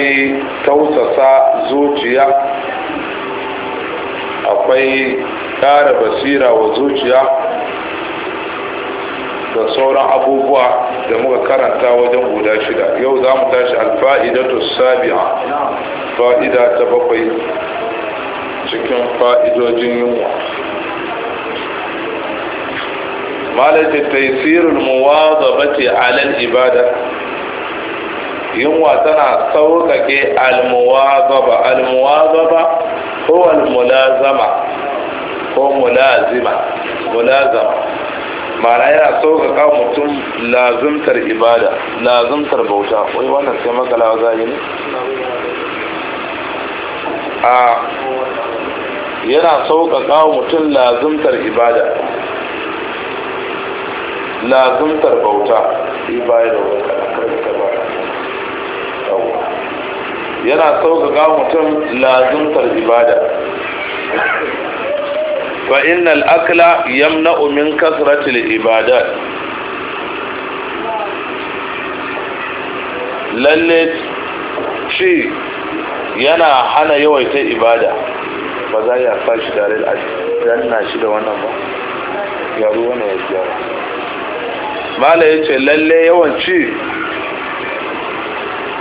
akwai tausasa zuciya akwai ƙara basira wa zuciya da sauran abubuwa da muka karanta wajen guda shida yau za mu tashi alfa'idatu sabi'a fa'ida ta bakwai cikin fa'idojin yunwa malaita taisirul muwazabati alal ibada yunwa tana sauƙaƙe almuwazaba almuwazaba ko almulazama ko mulazima mulazama Mana yana sauƙaƙa mutum lazumtar ibada lazumtar bauta wai wannan sai makalawa za ne a yana sauƙaƙa mutum lazumtar ibada lazumtar bauta ibada wani yana sauƙaƙa mutum lazumtar ibada fa innal akla yamna'u min kasratil ibadat lalle shi yana hana yawaita ibada ba za ya sa shi tare da janna shi da wannan ba yaro wannan ya tsaya mala yace lalle yawan ci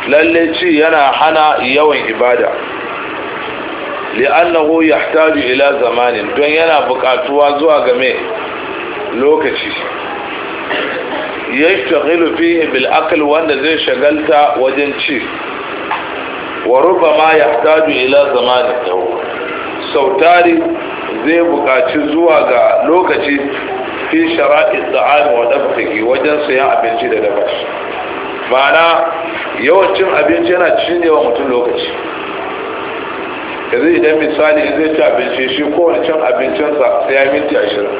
lalle ci yana hana yawan ibada li'annahu yahtaju ila zamanin don yana buƙatuwa zuwa game lokaci yashtaghilu fihi bil aql wanda zai shagalta wajen ci wa rubama yahtaju ila zamanin tawo sautari zai buƙaci zuwa ga lokaci fi shara'i da'am wa dabtaki wajen sayan abinci da dafa ma'ana yawancin abinci yana cinyewa mutum lokaci zai idan misali zai ci abinci shi kowane cin abincinsa sai ya minti ashirin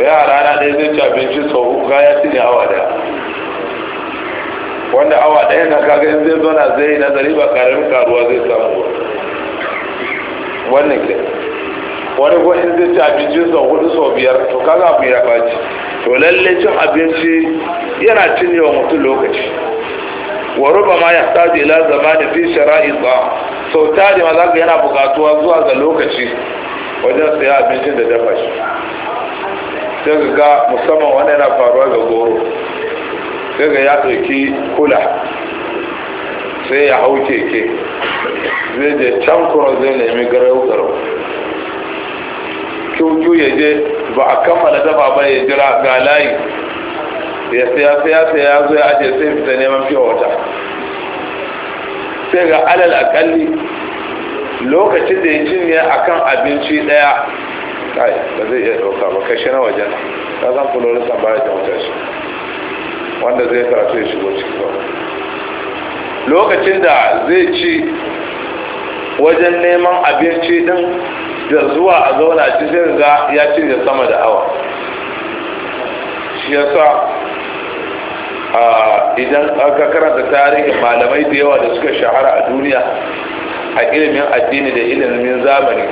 ya rana ɗaya zai ci abinci sau uku ya cinye awa daya wanda awa ɗaya na kaga in zai zona zai yi nazari ba ƙaramin karuwa zai samu ba. wannan ke wani ko in zai ci abinci sau hudu sau biyar to kaga abu ya ɓaci to lalle cin abinci yana cinyewa mutum lokaci wa ruba ma ya taji ila zamani fi shara'i ba sau tari ma zaka yana bukatuwa zuwa ga lokaci wajen saya abincin da dafa shi sai ga musamman wani yana faruwa ga goro sai ga ya ɗauki kula sai ya hau keke zai je can kuma zai nemi garau garau kyokyo ya je ba a kammala dafa ba ya jira ga layi ya saya saya saya ya zo ya ajiye sai fita neman fiye wata sai ga alal akalli lokacin da ya cinye kan abinci daya kai ba zai iya dauka ba kashe na wajen ta zan fi da san baya jamata shi wanda zai karatu ya shigo cikin ba lokacin da zai ci wajen neman abinci din da zuwa a zauna ci zai ga ya da sama da awa shi yasa idan aka karanta tarihi, malamai da yawa da suka shahara a duniya a ilimin addini da ilimin zamani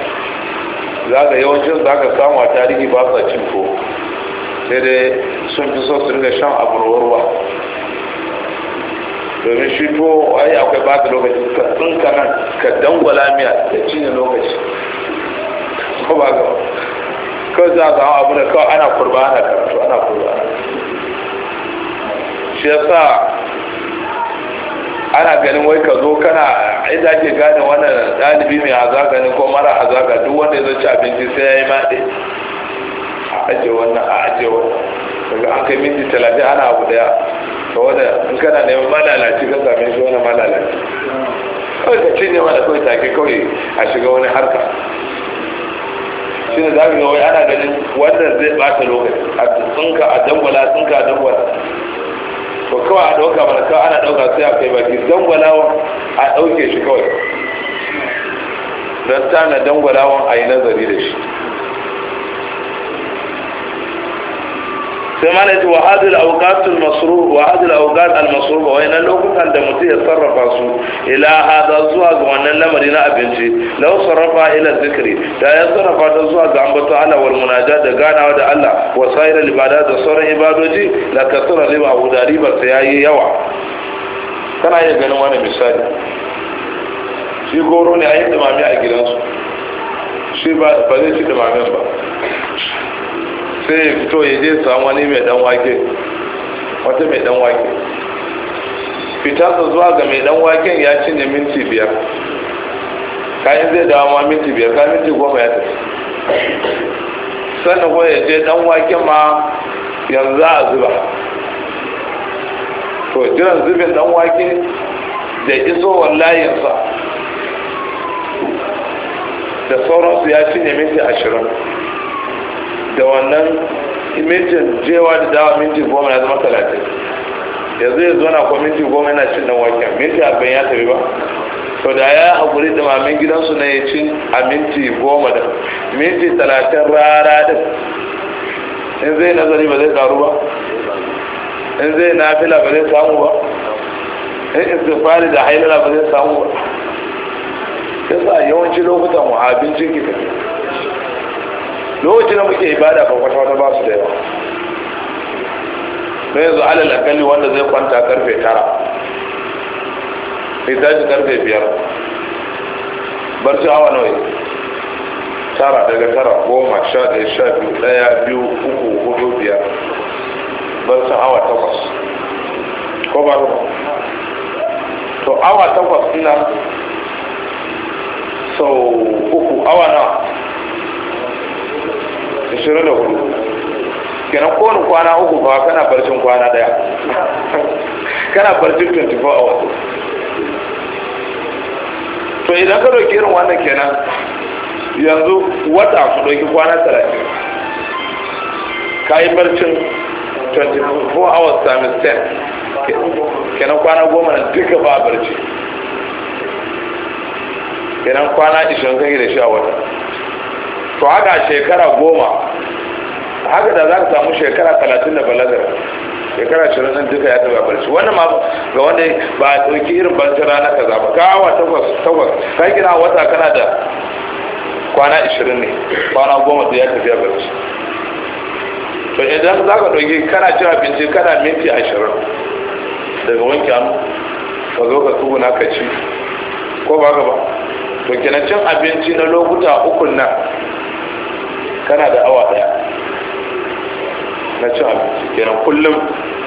za ga yawancin za ka samu a tarihi ba sa cin ko sai dai sun fi so su riga shan abu warwa. domin shi ko ai akwai da lokaci ka tsinka nan ka dangwala miya da cinye lokaci ko ba ga ko za ka zama abu ne kawai ana kurba ana karatu ana kurba shi yasa ana ganin wai ka zo kana inda ake gane wani dalibi mai hazaga ne ko mara hazaga duk wanda ya ci abinci sai ya yi maɗe a ajiye wannan a ajiye wannan daga an kai minti talatin ana abu daya ka in kana neman malalaci ka same shi wani malalaci kawai ka cinye mana kawai take kawai a shiga wani harka shi ne zaɓi ga wai ana ganin wannan zai ɓata lokaci a ka a dangwala tsinka a dangwala to kawai a ɗauka mana kawai ana ɗauka sai a kai baki dangwalawa a ɗauke shi kawai don tana dangwalawan a yi nazari da shi sai ma na ce wa hadil auqatul masruf wa hadil auqat al masruf wa ina lokutan da mutum ya sarrafa su ila hada zuwa ga wannan lamari na abinci law sarrafa ila zikri da ya sarrafa ta zuwa ga ambaton Allah wal munajat da ganawa da Allah wa sairul ibadat da sauran ibadoji la kasura riba a da riba sai yayi yawa kana iya ganin wani misali shi goro ne a yi dumami a gidansu shi ba zai ci dumamin ba sai ya fito ya je samu wani mai dan wake wata mai dan wake fitarsa zuwa ga mai dan waken ya cinye minti biyar kayan zai dawo ma minti biyar ka minti goma ya tafi sannan kuma ya je dan waken ma yanzu a zuba to jiran zubin dan wake da iso wallayinsa da sauransu ya cinye minti ashirin da wannan mintin jewa da dawa minti goma ya zama talatin yanzu ya zo na kuma minti goma yana cin dan waken minti abin ya tafi ba to da ya haƙuri mamin gidansu na ya ci a minti goma da minti talatin rara din in zai nazari ba zai karu ba in zai nafila ba zai samu ba in istifari da hailala ba zai samu ba yasa yawanci lokutan mu abincin ki lokacin da muke ibada ba kwata wata ba su da yawa na yanzu alal akalli wanda zai kwanta karfe tara Mai tashi karfe biyar barci awa nawa tara daga tara goma sha ɗaya sha biyu ɗaya biyu uku hudu biyar barci awa takwas ko ba to awa takwas ina sau uku awa nawa ashirin da hudu kenan kowane kwana uku fa kana barcin kwana daya kana barcin 24 hours to idan ka doki irin wannan kenan yanzu wata su doki kwana 30 ka yi barcin 24 hours times 10 kenan kwana goma na duka ba barci kenan kwana ishirin kai da shi a wata to haka shekara goma haka da za ka samu shekara talatin da balagar shekara shirin nan duka ya taba barci wannan ma ga wanda ba a ɗauki irin barci rana ka zaba ka awa takwas takwas ka gina wata kana da kwana ishirin ne kwana goma da ya tafiya barci to idan za ka ɗauki kana cin abinci kana minti ashirin daga wanke hannu ka zo ka tsuguna ka ci ko ba ka ba to kenan cin abinci na lokuta ukun nan kana da awa daya na cin abinci kenan kullum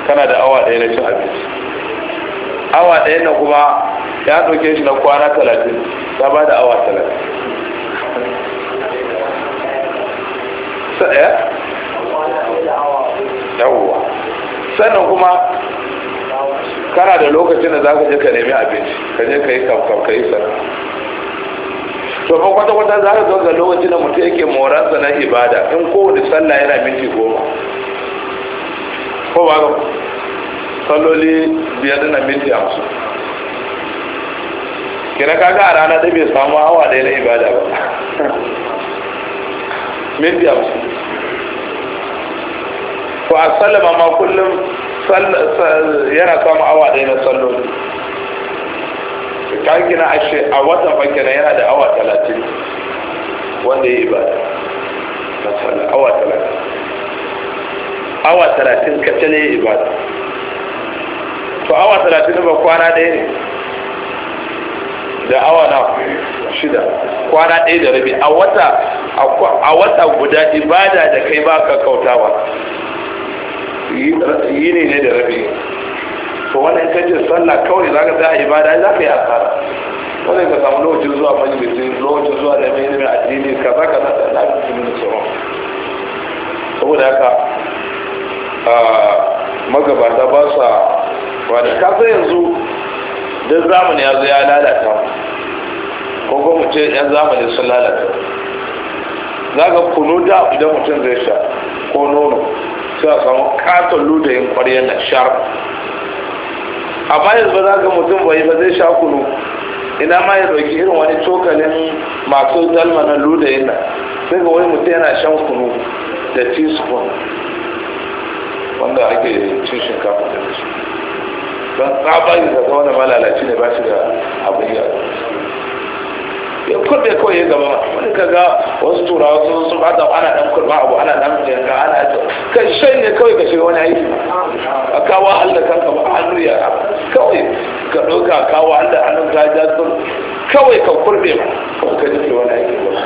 kana da awa daya na cin abinci awa daya na kuma ya ɗauke shi na kwana talatin ta ba da awa talatin yawwa sannan kuma kana da lokacin da za ka je ka nemi abinci ka je ka yi kamkam ka yi sana'a to fa kwata kwata za ka zo ga lokacin da mutum yake moransa na ibada in kowane sallah yana minti goma ko ba ga salloli biyar na minti hamsin kira kaga a rana da bai samu awa ɗaya na ibada ba minti hamsin ko a sallama ma kullum yana samu awa ɗaya na salloli kakina ashe a watan fakina yana da awa talatin wanda ya yi ba awa talatin awa talatin kacal ya yi ba to awa talatin ba kwana ɗaya ne da awa na shida kwana ɗaya da rabi a wata a wata guda ibada da kai ba ka kautawa yi ne ne da rabi to wannan kajin sallah kawai za ka tsaya ibada za ka yi asara wanda ka samu lokacin zuwa majalisi lokacin zuwa da mai ilimin addini ka za ka nasa da abin da sauran saboda haka magabata ba sa wani kasa yanzu duk zamani ya zo ya lalata ko kuma ce yan zamani sun lalata za ka kunu da idan mutum zai sha ko nono sai a samu katon ludayin kwaryar na sharp A bayan ba za ga mutum bai ba zai sha kunu ina ma ya dauki irin wani cokalin masu dalma na luda yana sai ga wani mutum yana shan kunu da teaspoon wanda ake cin shinkafa da shi don tsabayin da zaune malalaci ne ba shi da abin yi ya kurbe kawai ya gaba wani kaga wasu turawa sun sun fata ana dan kurba abu ana dan shiga wani aiki a kawo Allah kanka a hannu ya kawai ka ɗauka a kawo Allah hannun ka ja sun kawai ka kurbe ba ka jike wani aiki ba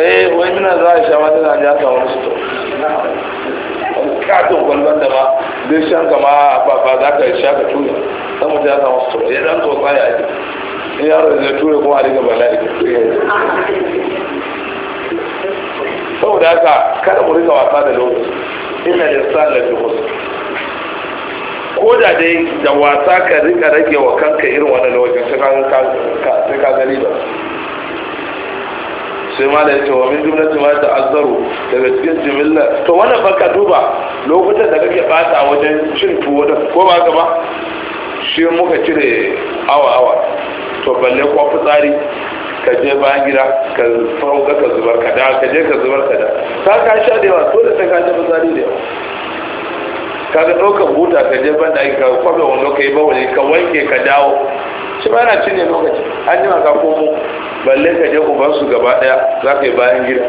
eh wai muna za a sha wata zan ka wani su katon gwalgwal da ba duk shan kama ba za ka sha ka tuya dan mutum ya samu su ya dan tsotsa ya yi yaro zai tura kuma a riga bala'i saboda haka kada mu rika wasa da lokaci ina da sa'ala fi ko da dai da wasa ka rika rage wa kanka irin wani lokaci sai ka gani ba sai ma da ya ce wa min jumlatin ma azzaru daga cikin jimilla to wannan baka ka duba lokutan da kake bata wajen cin tuwo da ko ba ka ba shi muka cire awa awa to balle ko fitsari ka je bayan gida ka sauka ka zubar ka da ka je ka zubar ka da ta ka sha da yawa da ta ka je fitsari da yawa ka ga ɗaukar buta ka je banda ai ka kwabe wando ka yi ba wani ka wanke ka dawo shi ba yana cinye lokaci an jima ka komo balle ka je su gaba ɗaya za ka yi bayan gida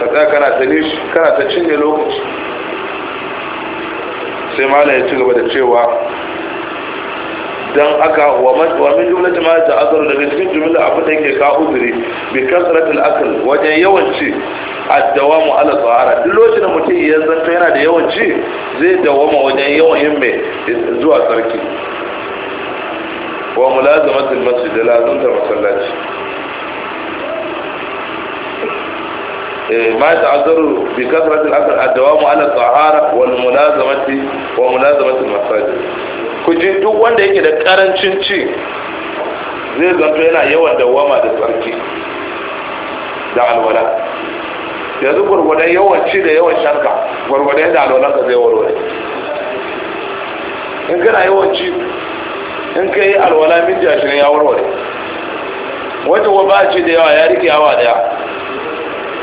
ka tsaya kana ta nishi kana ta cinye lokaci sai mala ya ci gaba da cewa dan aka wa min jumlati ma ta'azzaru daga cikin jumla abu da yake ka uzuri bi kasratil akl wajen yawanci, ci addawamu ala tsara duk lokacin da mutum ya zanta yana da yawanci, zai dawama wajen yawan yin mai zuwa sarki wa mulazamatul masjid da lazumta masallaci ما يتعذر بكثرة الأكل الدوام على الطهارة والملازمة وملازمة المساجد ku duk wanda yake da karancin ci zai zanto yana yawan dawama da tsarki da alwala yanzu gwargwadon yawan ci da yawan shanka gwargwadon yadda alwalan ka zai warware in kana yawan ci in ka yi alwala min jashi ne ya warware wata wa ba ci da yawa ya rike yawa daya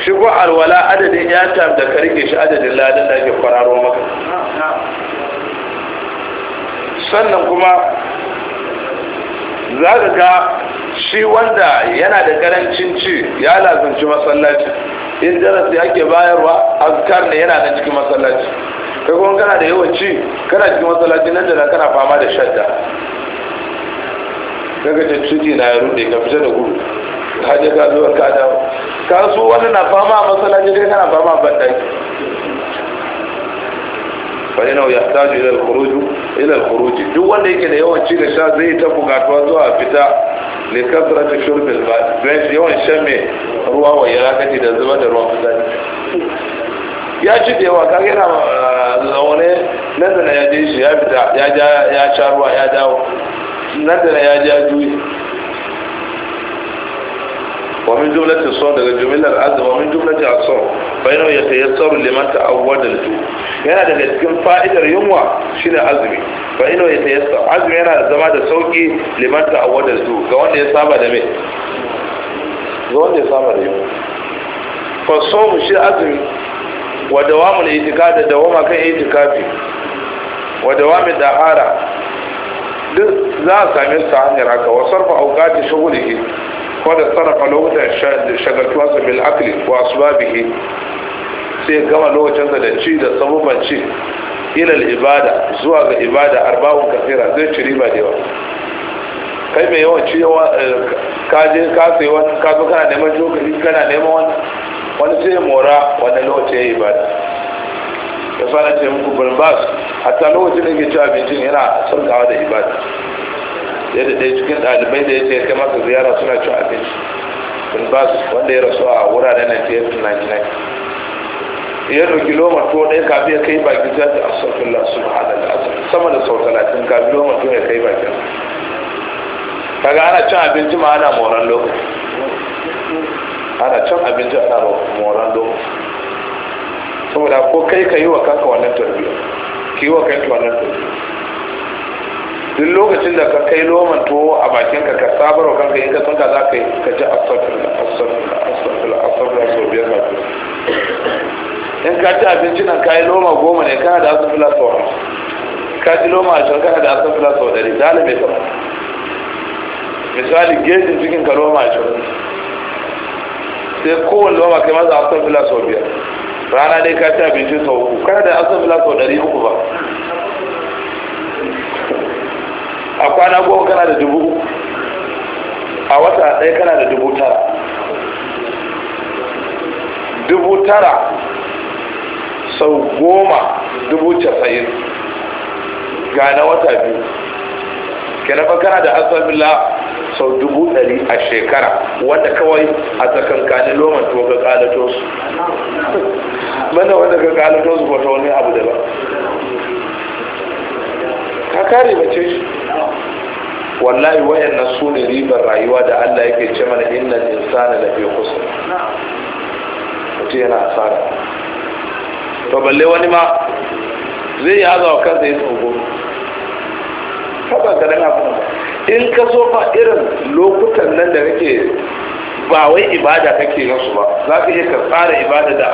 shi ko alwala adadin ya tam da ka rike shi adadin ladin da ake kwararo maka sannan kuma za ka ga shi wanda yana da karancin ci ya lazunci masallaci in darasi ake bayarwa azkar ne yana da cikin masallaci kai kuma kana da yawan ci kana cikin masallaci nan da kana fama da shadda daga ta ciki na ya rude ka fita da gudu haje ka zuwa ka dawo ka so wani na fama a masallaci kai kana fama a bandaki fa ya yahtaju ila al-khuruj ila al-khuruj duk wanda yake da yawan ci da sha zai ta bugatuwa zuwa fita ta kasrati ba al-ba'i yawan shan mai ruwa wa yarakati da zuba da ruwan fitsari ya ci da yawa gina yana ah, zaune nan da ya je shi ya fita ya ja ya sha ruwa ya dawo nan da ya ja juyi ومن جملة الصوم daga jumlar azumi ومن جملة الصوم فإنه يتيسر لمن تعود الجوع yana daga cikin fa'idar yunwa shine azumi فإنه يتيسر azumi yana zama da sauki liman ta'awwada الجوع ga wanda ya saba da me ga wanda ya saba da yunwa fa sawm shi azumi wa dawamul itikad da dawama kan itikafi wa dawamul dahara duk za a same su hanyar haka wa sarfa aukati shughulihi ko da sarrafa lokutan su bil akli wa biki, sai gama lokacin da ci da sabubban ci ilal ibada zuwa ga ibada arba'un kafira zai ci riba da yawa kai mai yawan ci yawa eh, ka je ka sai wani ka zo kana neman jokali kana neman wani wani sai mora wani lokacin ya ibada ya fara ce muku bulbas hatta lokacin da yake cewa abincin yana sarkawa da ibada yadda ɗaya cikin ɗalibai da ya ce kai masa ziyara suna cin abinci ba su wanda ya rasu a wuraren 1999 ya ɗauki loma to ɗaya kafin ya kai baki za a sauƙin lasu asa, sama da sau talatin kafin loma to ya kai baki kaga ana cin abinci ma ana moran lokaci ana cin abinci ana moran lokaci saboda ko kai ka yi wa kanka wannan tarbiyyar ki wa kai toilet duk lokacin da ka kai loman tuwo a bakinka ka sabar wa kanka in ka tunka za ka yi ka ji astagfirullah astagfirullah astagfirullah astagfirullah sau biyar na tuwo in ka ci abinci nan ka yi loma goma ne kana da astagfirullah sau hamsin ka ji loma ashirin kana da astagfirullah sau ɗari dala mai sama misali gejin cikin ka loma ashirin sai kowane loma kai maza astagfirullah sau biyar rana dai ka ci abincin sau uku kada da asabila sau ɗari uku ba a kwana goma kana da dubu a wata ɗaya kana da dubu tara dubu tara sau goma dubu casa'in ga na wata biyu kenan fa kana da asabila sau dubu ɗari a shekara wanda kawai a tsakankani loman to ga kalato su mana wanda ga kalato su wata wani abu da ba ka kare mace shi wallahi wayannan su ne ribar rayuwa da Allah yake ce mana inna insana fi khusr mutum yana asara to balle wani ma zai yi azawa kansa ya tsogo ka garin abin ba in ka so fa irin lokutan nan da nake ba wai ibada kake yin su ba za ka iya ka tsara ibada da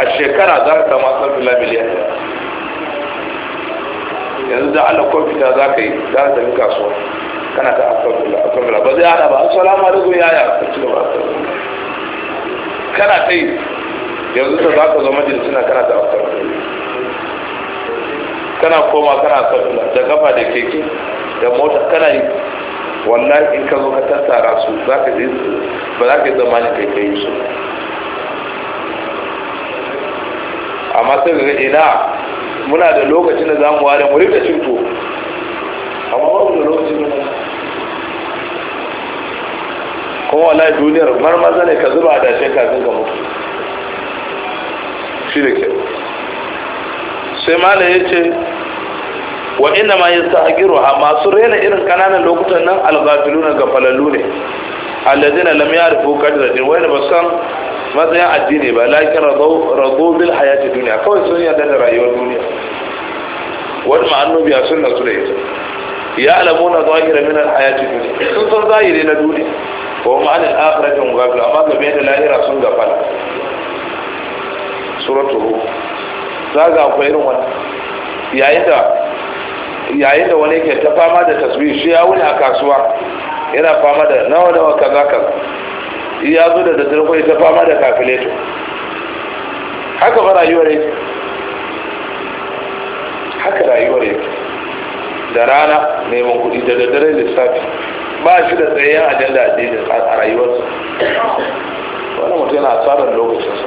a shekara za ka samu asar fila miliyan yanzu da ala kwamfuta za ka yi za ka tafi kasuwa kana ta asar fila ba zai hada ba assalamu alaikum yaya ka ci gaba asar kana ta yi yanzu ta za ka zo majalisuna kana ta asar kana koma kana asar fila da kafa da keke da mota kana yi wallahi in ka zo ka tattara su za ka su ba za ka yi zamani kai kai su amma sai ga ina muna da lokacin da za mu ware mu rika cin tuwo amma ba mu da lokacin da kuma wallahi duniyar marmaza ne ka zuba da shi kafin ka mutu shi da kyau sai malam ya ce wa inna ma yastahiru ha masu rena irin kananan lokutan nan alghafiluna gafalallu ne alladina lam ya'rifu qadra din wayna basan matsayin addini ba lakin radu bil hayati duniya kawai sun yarda da rayuwar duniya wani ma'annu biya sun su da ita ya alamu na zahira min al hayati duniya sun san zahiri na duniya ko ma'anin akhiratin gafil amma game da lahira sun gafala suratul za ga akwai irin wani. yayin da yayin da wani ke ta fama da tasbih shi ya wuni a kasuwa yana fama da nawa nawa kaza kaza ya zo da daddare ta fama da kafileto haka ba rayuwar yake haka rayuwar yake da rana neman kuɗi da daddare lissafi ba shi da tsayayyen ajanda a rayuwarsa wani mutum yana asarar lokacinsa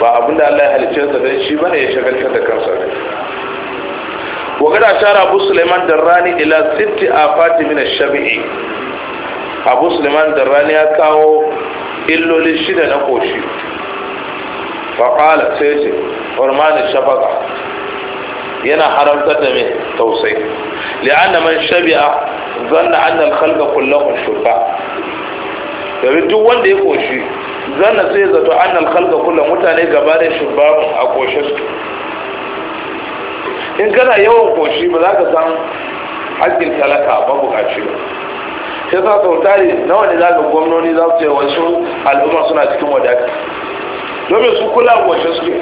ba abinda allah ya halicce sa dai shi bane ya shagaltar da kansa وقد أشار أبو سليمان دراني إلى ست آفات من الشبع أبو سليمان دراني أكاو إلو للشدة نقوشي فقال سيتي حرمان الشفقة yana haramtar da mai tausayi li'anna man shabi'a zanna anna al-khalqa kulluhum shubba domin duk wanda ya koshi zanna sai zato anna al-khalqa mutane gaba da a koshe in kana yawan koshi ba za ka san hakkin talaka ba bukaci ba sai sa sau tari nawa ne za ka gwamnoni za su yi wasu al'umma suna cikin wadata domin su kula koshi suke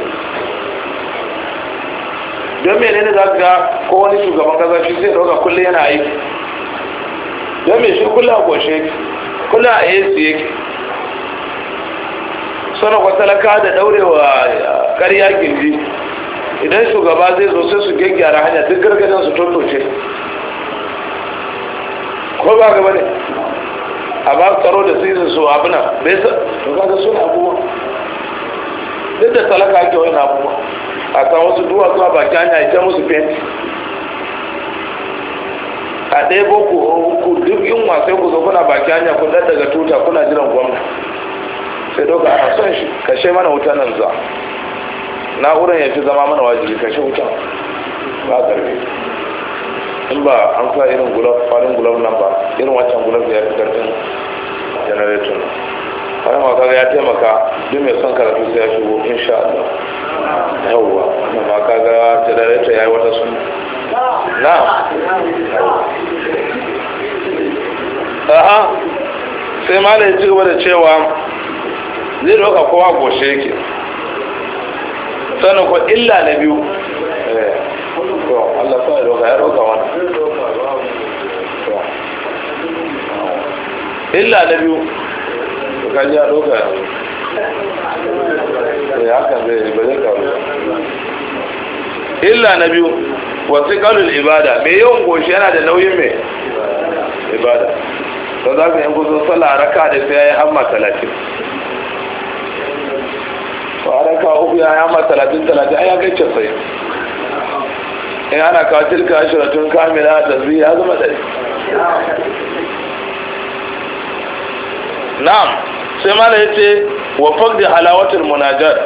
don mene ne za ka ga ko wani shugaban kasa shi sai dauka kullum yana yi don me shi kula koshi yake kula a su yake sana talaka da daurewa karya eh, gindi idan shugaba zai zo sai su gyaggyara hanya duk gargajen su tuntunce ko ba gaba ne a ba tsaro da su su abuna bai sa to da suna abubuwa duk da talaka ake wani abubuwa a kan wasu duwatsu a baki hanya ita musu fenti a ɗaya boko ku duk yin wasai ku zo kuna baki hanya kun daga tuta kuna jiran gwamna sai doka a son shi kashe mana wuta nan zuwa na ya fi zama mana wajibi kashe wutan ba karfe in ba an sa irin gulab farin gulab nan ba irin wancan gulab da ya fi karfin janareto na wani ma kaga ya taimaka duk mai son karatu sai ya shigo insha Allah yawwa ma kaga janareto ya yi wata sun na aha sai ma da ya ci gaba da cewa zai doka kowa goshe yake Sanin ko illa na biyu eh, to Allah sai roka ya roka wani illa na biyu kan ji ya roka ya eh, haka zai ba zai karu illa na biyu wasu kalul ibada mai yawan goshi yana da nauyin mai ibada ba za ka yi kusan sallah raka da sai ya yi hamma talatin to ana kawo uku ya ma talatin talatin ya kai casa'in in ana kawo tilka shiratun kamila a zai ya zama dari na'am sai mala yace wa faqdi halawatul munajat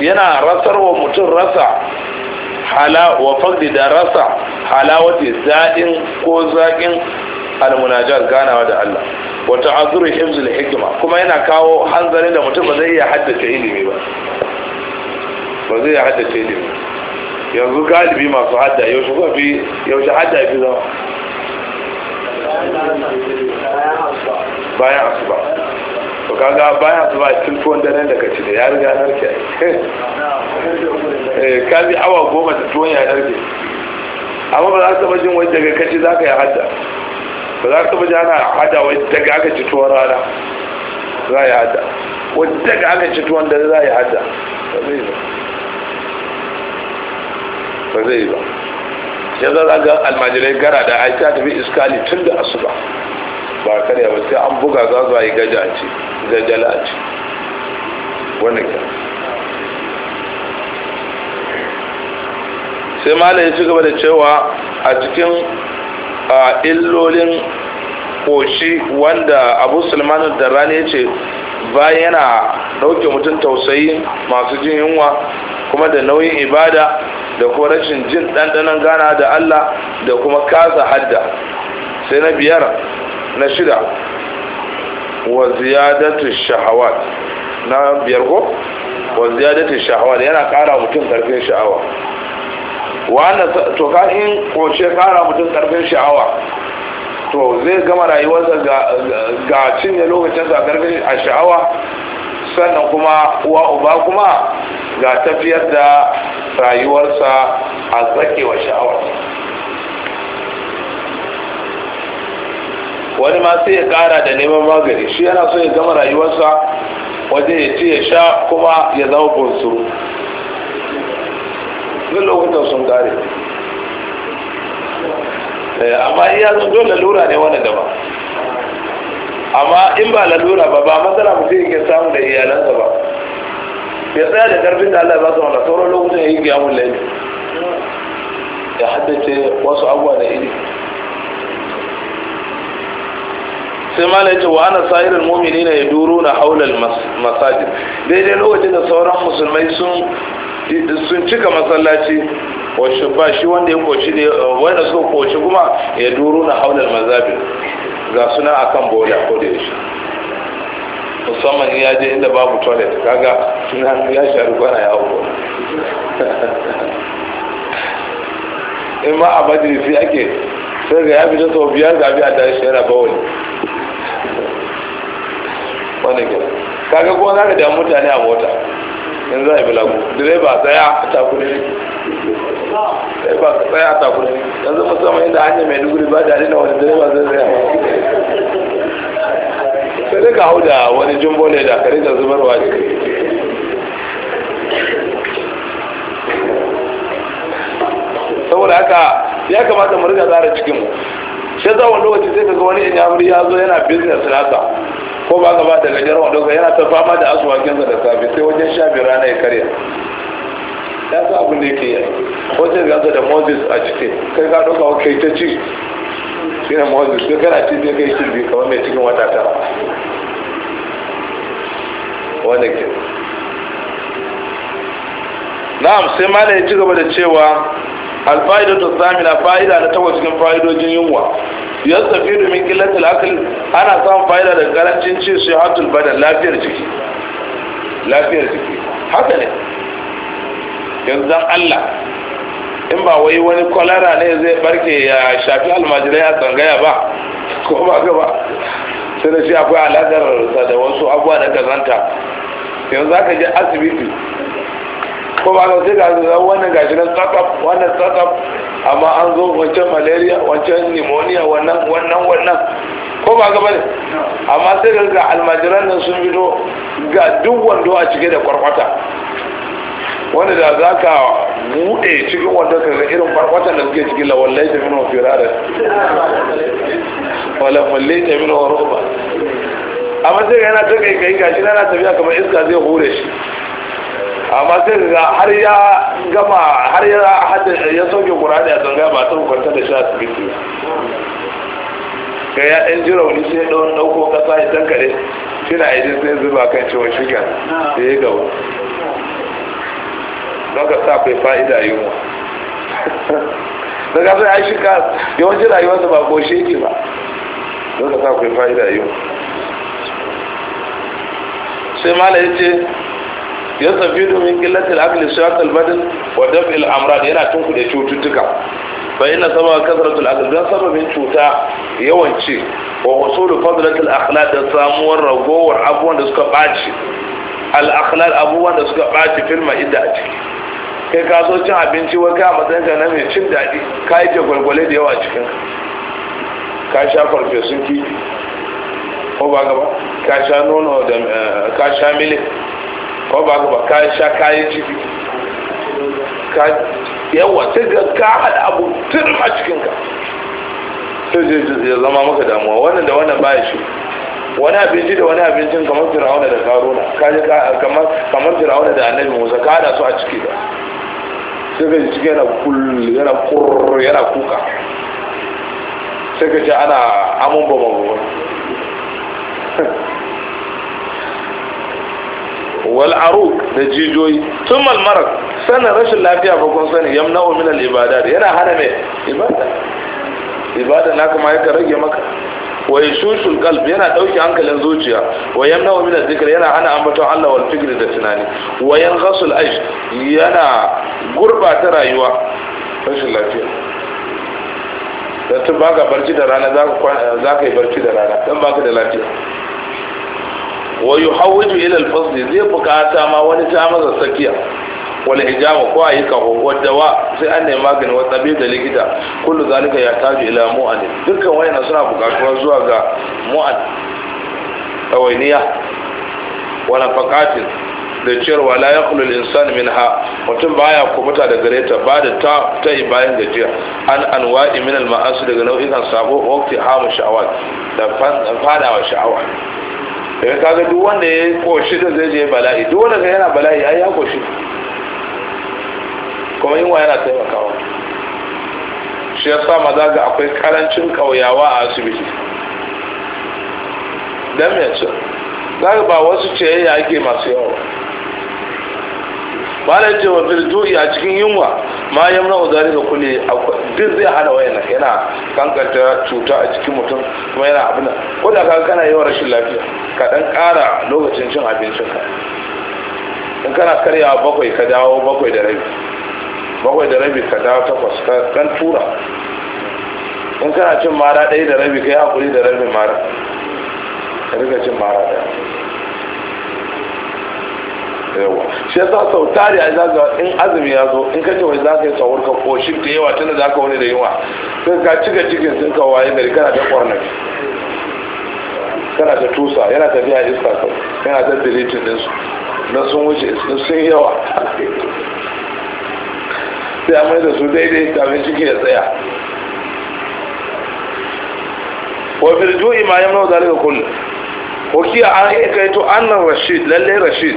yana rasar wa mutum rasa hala wa faqdi da rasa halawati zadin ko zakin al munajat ganawa da Allah wata azuru hibzul hikima kuma yana kawo hanzari da mutum ba zai iya haddace ilimi ba ba zai iya haddace ilimi yanzu galibi masu hadda yaushe kuma fi yaushe hadda fi zama bayan asuba to kaga bayan asuba cikin daren da daga da ya riga narke eh bi awa goma da tuwon ya narke amma ba za ka taba jin wani daga kaci za ka yi hadda ba za ka baje na hada wai daga aka ci tuwon rana za a yi hada wai daga aka ci tuwon dare za a yi hada ba zai ba yanzu za a ga almajirai gara da aiki ta tafi iskali tun da asuba ba karya ba sai an buga za su yi gajace gajalace wani ga sai malam ya ci gaba da cewa a cikin A illolin koshi wanda abu sulman da rani ya ce bayan yana ɗauke mutum tausayi masu jin yunwa kuma da nauyin ibada da kuma rashin jin ɗanɗanon gana da allah da kuma kasa hadda sai na biyar na shida wa ziyadatu shahawat na biyar ko wa ziyadatu shahawat yana ƙara mutum karfin sha'awa wanda to ka in koce kara mutum karfin sha'awa to zai gama rayuwarsa ga cinye lokacin sa karfin a sha'awa sannan kuma uwa uba kuma ga tafiyar da rayuwarsa a zakewa sha'awar wani ma sai ya kara da neman magani shi yana so ya gama rayuwarsa waje ya ci ya sha kuma ya zama bunsuru duk lokutan sun kare eh, amma iya zan zo lalura ne wani gaba amma in ba lalura ba ba matsala mutum yake samu da iyalansa ba ya tsaya da karfin da Allah ba su wanda sauran lokutan ya yi laifi ya haddace wasu abuwa da iri sai ma ce wa ana sa'irin mumini na ya duru na haular masajin daidai lokacin da sauran musulmai sun sun cika masallaci ba shi wanda ya koci da wanda suka koci kuma ya duru na haular mazabin ga suna akan bola ko da yashi musamman ya je inda babu toilet kaga suna ya shari kwana ya hau in ma a majalisi ake sai ga ya fita sau biyar ga biya ta shi yana bawali wani gina kaga kuma za ka damu mutane a mota in za a yi balagu direba tsaya a takuri ne direba ka tsaya a takuri ne yanzu musamman inda hanyar mai duguri ba da na wani direba zai tsaya sai dai ka hau da wani jumbo ne da kare da zubarwa ne saboda haka ya kamata mu riga tsara mu shi za wani lokaci sai ka ga wani inyamuri ya zo yana business nasa ko ba gaba da gajar wadauka yana ta fama da asuwakinsa da safe sai wajen sha rana ya karya ya sa abin da yake yi wajen gansa da moses a cikin kai ka ɗauka wa kai ta ci shi na moses sai kana ci zai kai shirbi kamar mai cikin wata tara wanda ke na'am sai da ya ci gaba da cewa ta zamina fa'ida na takwas cikin fa'idojin yunwa yastafidu domin qillatil akl ana samun fa'ida da karancin cin hatul badan lafiyar jiki lafiyar jiki haka ne yanzu zan Allah in ba wai wani kwalara ne zai barke ya shafi almajirai a tsangaya ba ko ba ga ba sai da shi akwai alaƙar da wasu abuwa da kazanta yanzu aka je asibiti ko ba sai da zuwa wannan gashi nan tsatsaf wannan tsatsaf amma an zo wancan malaria wancan pneumonia wannan wannan wannan ko ba ga bane amma sai ga almajiran nan sun fito ga duk wando a cike da kwarkwata wanda da za ka buɗe cikin wanda ka ga irin farkwatan da suke cikin lawallai ta mino firare walafallai ta mino roba amma sai yana ta kai kai gashi na tafiya kamar iska zai hure shi amma sai ga har ya gama har ya ya sauke kurani a tsanga ba ta kwanta da shi a asibiti ga ya ɗan ji rauni sai ɗan ɗauko ƙasa ya tankare na idin sai zuba kan ciwon shiga da ya gaba don ka sa kai fa'ida yi mu. da gasar ya shiga yawancin rayuwarsa ba goshe yake ba don ka sa kai fa'ida yi mu. sai mala ce yastafidu min qillati al su ya badan wa daf'i al da yana kuɗe cututtuka fa inna sababa kasratul akli don sababin cuta yawanci wa husulu fadlatul akhlaq da samuwar ragowar abubuwan da suka ɓaci al abubuwan da suka ɓaci fil ma'ida a ciki kai ka so cin abinci wai kai a matsayin ka na mai cin daɗi ka yi jagwalgwale da yawa cikin ka sha sun kifi ko ba gaba ka sha nono da ka sha milik ko ba ba ka sha kayan ciki ka yawa ta ga ka hada abu tun a cikinka sai zai zama maka damuwa wannan da wannan baya shi wani abinci da wani abincin kamar fir'auna da karuna kaje kamar kamar fir'auna da annabi musa ka hada su a ciki da sai ka ciki yana kul yana kur yana kuka sai ka ce ana amon ba mabawar wal da jijiyoyi tun malmarar sannan rashin lafiya ba kun sani yamna wa minal ibada yana hana mai ibada ibada na kama yaka rage maka wa shushul qalb yana dauke hankalin zuciya wa yamna wa minal zikr yana hana ambaton Allah wal fikri da tunani wa yanqasul ajr yana gurbata rayuwa rashin lafiya Da tun baka barci da rana zaka yi barci da rana dan baka da lafiya wa yuhawwiju ila al-fasl zai bukata ma wani ta masa tsakiya wani hijama ko ayi ka wadda wa sai an nemi magani wa tabi da likita kullu zalika ya taji ila mu'an dukkan wayannan suna bukatuwa zuwa ga mu'an tawainiya wa nafaqatin da cewa la yaqulu al-insan minha mutum baya kubuta da gareta ba da ta ta bayan gajiya an anwa'i min al-ma'asi daga nau'ikan sabo waqti hamu sha'awat da fada wa sha'awa daga eh, kaga duk wanda ya koshi da zai je bala'i duk wanda yana bala'i ai ya koshi kuma yunwa yana taimakawa shi ya sa maza ga akwai karancin kauyawa a asibiti don me ce zai ba wasu ce ya ake masu yawa ba da ce wa firju'i a cikin yunwa ma ya muna uzari da kulle duk zai hana wayan yana kankanta cuta a cikin mutum kuma yana abin ko da kaga kana yawan rashin lafiya ka dan ƙara lokacin cin abincin ka in kana karyawa bakwai ka dawo bakwai da rabi bakwai da rabi ka dawo takwas ka kan tura in kana cin mara ɗaya da rabi ka yi hakuri da rabin mara ka rika cin mara ɗaya yawa shi yasa sau tari a ga in azumi ya zo in kace wai za ka yi sahur ka koshi da yawa tunda za ka wani da yawa sai ka cika cikin sun ka waye gari kana ta kwarnafi tana ta tusa yana tafiya iska kawai yana ta deletin ɗinsu na sun wuce sun yawa sai a mai da su daidai kafin ciki ya tsaya wa jo'i ma yamna zalika kullu wakiya an kai to annan rashid lallai rashid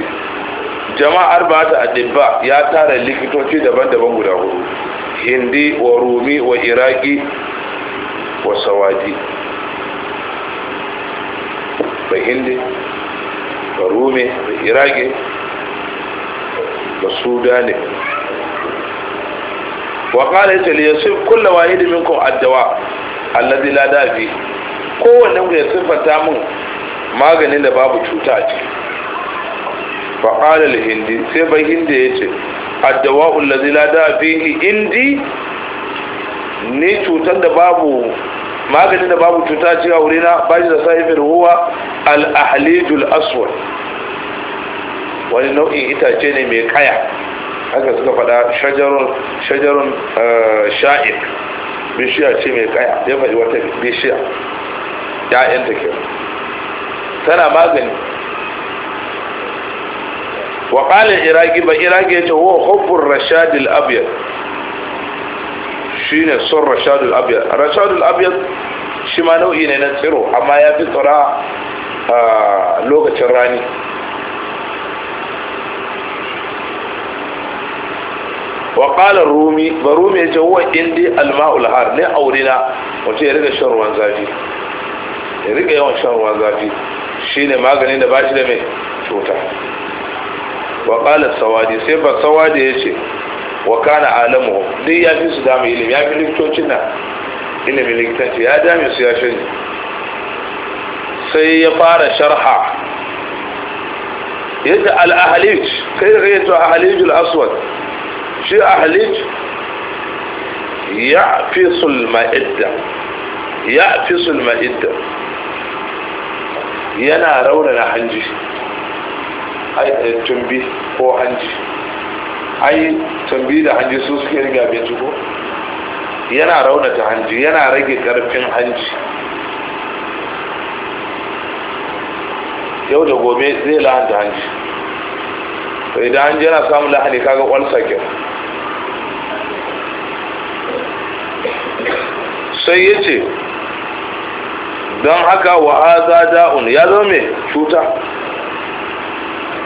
jama'ar ba ta adibba ya tara likitoci daban-daban guda hudu hindi wa rumi wa iraki wa sawaji ba hindi ba Rumi ba Iraki ba sudani wa kala yace liyasif kullu wahidin minkum addawa alladhi la dafi kowanne ku ya siffanta mun maganin da babu cuta a ciki fa kala al hindi sai ba hindi ce addawa ulladi la dafi indi ni cutar da babu maganin da babu cuta a cewa wurina ba shi da sa'ifin huwa al aswad wani nau'in itace ne mai kaya haka suka faɗa shajarun eh, sha'ir bishiya ce mai kaya ya faɗi wata bishiya ya'yanta ke tana magani wa ƙalin iraki ba iraki ya ce huwa hubbun rashadil abiyar shi ne son rashadul abiyar rashadul abiyar shi ma nau'i ne na tsiro amma ya fi tsira a lokacin rani wa ƙala rumi ba rumi ya ce wa indi alma'ul har ne aurina wace ya riga shan ruwan zafi ya riga yawan shan ruwan zafi shi ne maganin da ba shi da mai cuta wa ƙala sawadi sai ba sawadi ya ce wa kana alamu duk ya fi su dama ilimi ya fi likitocin nan ilimin likitanci ya dame su ya shani sai ya fara sharha yadda al'ahalij kai da kai to ahalijul aswad shi ahalij ya fi sulma'idda ya fi sulma'idda yana raunana hanji tumbi ko hanji ai tambi da hanji su suke riga abinci ko yana raunata hanji yana rage karfin hanji yau da gobe zai lahanta hanji to idan hanji yana samun lahani kaga kwalsa kyau sai ya ce don haka wa'aza da'un ya zama mai cuta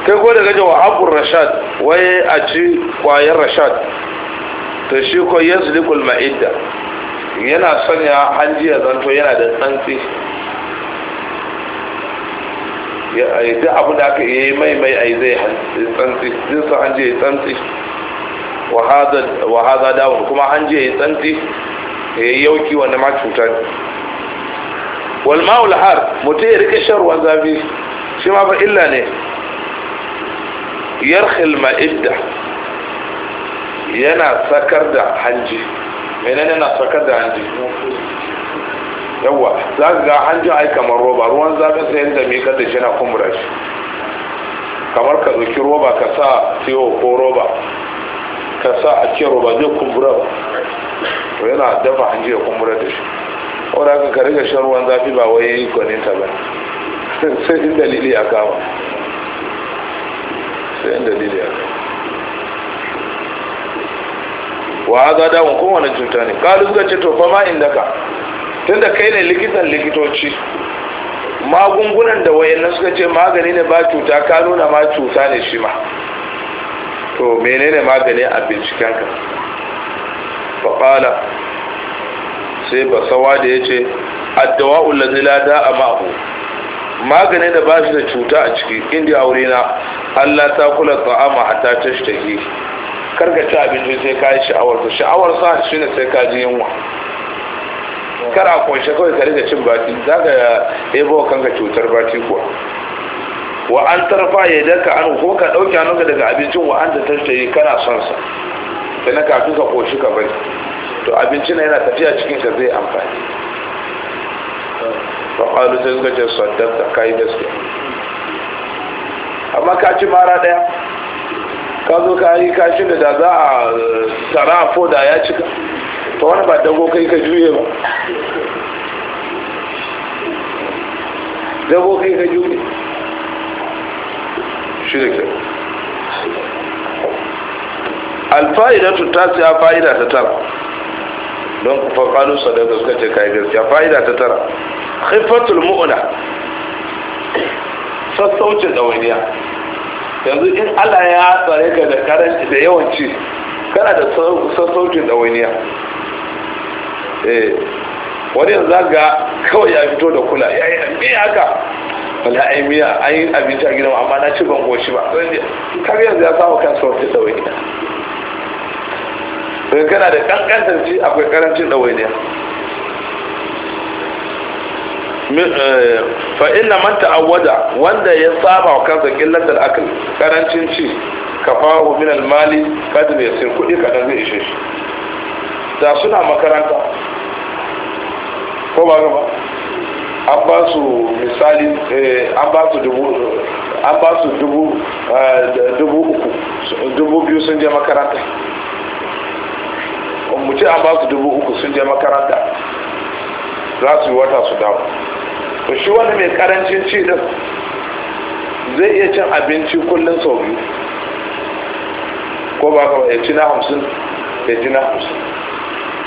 kai ko da gaje wa abun rashad wai a ci kwayar rashad ta shi ko yazlikul ma'idda yana sanya hanji ya zanto yana da tsantsi duk abu da aka yi mai mai yi zai tsantsi zai sa hanji ya tsantsi wa haza dawon kuma hanji ya tsantsi ya yi yauki wanda ma cuta ne walma'ul har mutum ya rike shan ruwan zafi shi ma fa illa ne yarkhil ma'idda yana sakar da hanji menene yana sakar da hanji yawa za ka ga hanjin ai kamar roba ruwan zafin sai da mai da shi na kumbura shi kamar ka ɗauki roba ka sa tiyo ko roba ka sa a ce roba zai kumbura ba to yana dafa hanji ya kumbura da shi wadda ka riga shan ruwan zafi ba wai gwaninta ba sai in dalili a kama sai dalili ya wa haza dawon kowane cuta ne kalu suka ce to fama inda ka tunda kai ne likitan likitoci magungunan da wayannan suka ce magani ne ba cuta ka nuna ma cuta ne shi ma to menene magani a bincikenka faƙala sai basawa da ya ce addawa'ul lazila da a ma'ahu magani da ba shi da cuta a ciki inda wuri na allah ta kula ta'ama a ta shi karka ci abinci sai ka yi sha'awar ta sha'awar sa shi ne sai ka ji yunwa kar a kunshe kawai ka rika cin baki za ka ebo kanka cutar baki kuwa wa an tarfa ya daka an ko ka ɗauke hannunka daga abincin wa an da yi kana son sa sai na kafin ka koshi ka bari to abinci na yana tafiya cikin ka zai amfani faƙalu sai suka ce da kai gaske amma ka ci mara ɗaya ka zo ka yi ka da da za a tara a foda ya cika ta wani ba dago kai ka juye ba dago kai ka juye shi da ke tun ta siya fa'ida ta tara don ku faƙalu da suka ce ka yi gaskiya fa'ida ta tara khifatul muna sassaucin ɗawainiya yanzu in allah ya tsare ka da karanci da yawanci kana da sassaucin ɗawainiya eh, wani yanzu ga kawai ya fito da kula ya yi miya haka wala ai miya an yi abinci a gidan amma na ci ban goshi ba kar yanzu ya samu kan sautin ɗawainiya don kana da ƙanƙantar ci akwai ƙarancin ɗawainiya Eh, fa inna man ta'awwada wanda ya saba wa kansa qillatul akl karancin ci kafahu min al-mali kad ne sai kudi kadan zai ishe shi da suna makaranta ko ba ga ba an ba su misali eh, an ba su dubu an ba su dubu eh, dubu uku dubu biyu sun je makaranta mu an ba su dubu uku sun je makaranta za su yi wata su dawo to shi wani mai karancin ci din zai iya cin abinci kullum sau biyu ko ba ka ya ci na hamsin ya ci na hamsin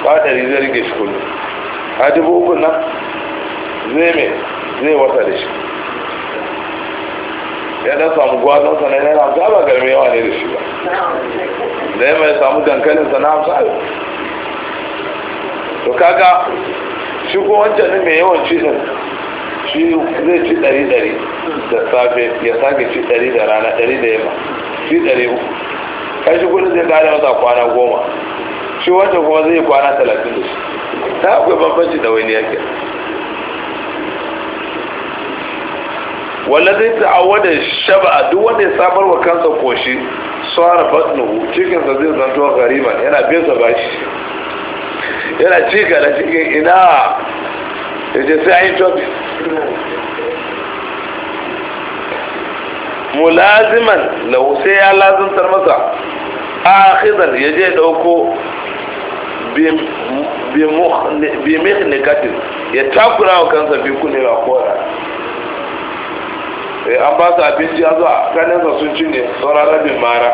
ba ɗari rizar rige shi kullum a dubu uku nan zai mai zai wata da shi ya dan samu gwazon sa na yana hamsin ba garmi yawa ne da shi ba da ya mai samu dankalin sa na ba to kaga shi ko wancan ne mai yawan cizon shi zai ci ɗari ɗari da safe ya sake ci ɗari da rana ɗari da yamma ci ɗari uku kai shi kudin zai gane masa kwana goma shi wata kuma zai yi kwana talatin da shi ta akwai bambanci da wani yake wanda zai shaba a duk wanda ya samar wa kansa koshi tsara fatnuhu cikinsa zai zanto gariman yana sa bashi yana cika da cikin ina ya ce sai an yi tobi mulaziman lau sai ya lazimtar masa a akhizan ya je dauko bi mihnikatin ya takura wa kansa bi kuni ba kora eh, an ba su abinci ya zuwa a kaninsa sun cinye sauran rabin mara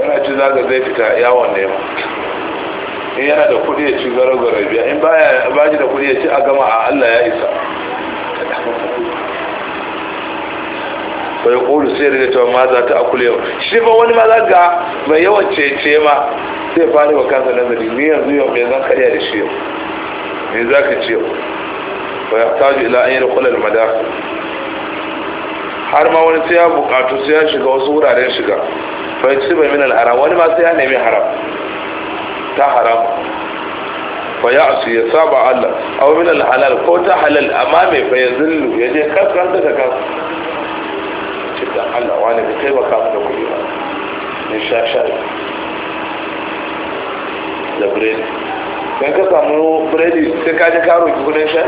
yana ci zaga zai fita yawon nema in yana da kuɗi ya ci garagara biya in ya ba da kuɗi ya ci a gama a Allah ya isa bai kudu sai da ta ma za ta akule yau shi ba wani maza ga mai yawan cece ma sai fari wa kansa nazari ni yanzu yau mai zan karya da shi yau me za ka ce yau bai taju ila an yi da mada har ma wani sai ya bukatu sai ya shiga wasu wuraren shiga bai ci bai minal haram wani ma sai ya nemi haram ta haram fa ya asu ya saba Allah aw min al halal ko ta halal amma me fa yazillu yaje kaskanta da kan cikin Allah wani ka taimaka mu da kuɗi ba in sha sha da biredi don ka samu biredi sai ka ji karo ki kudin sha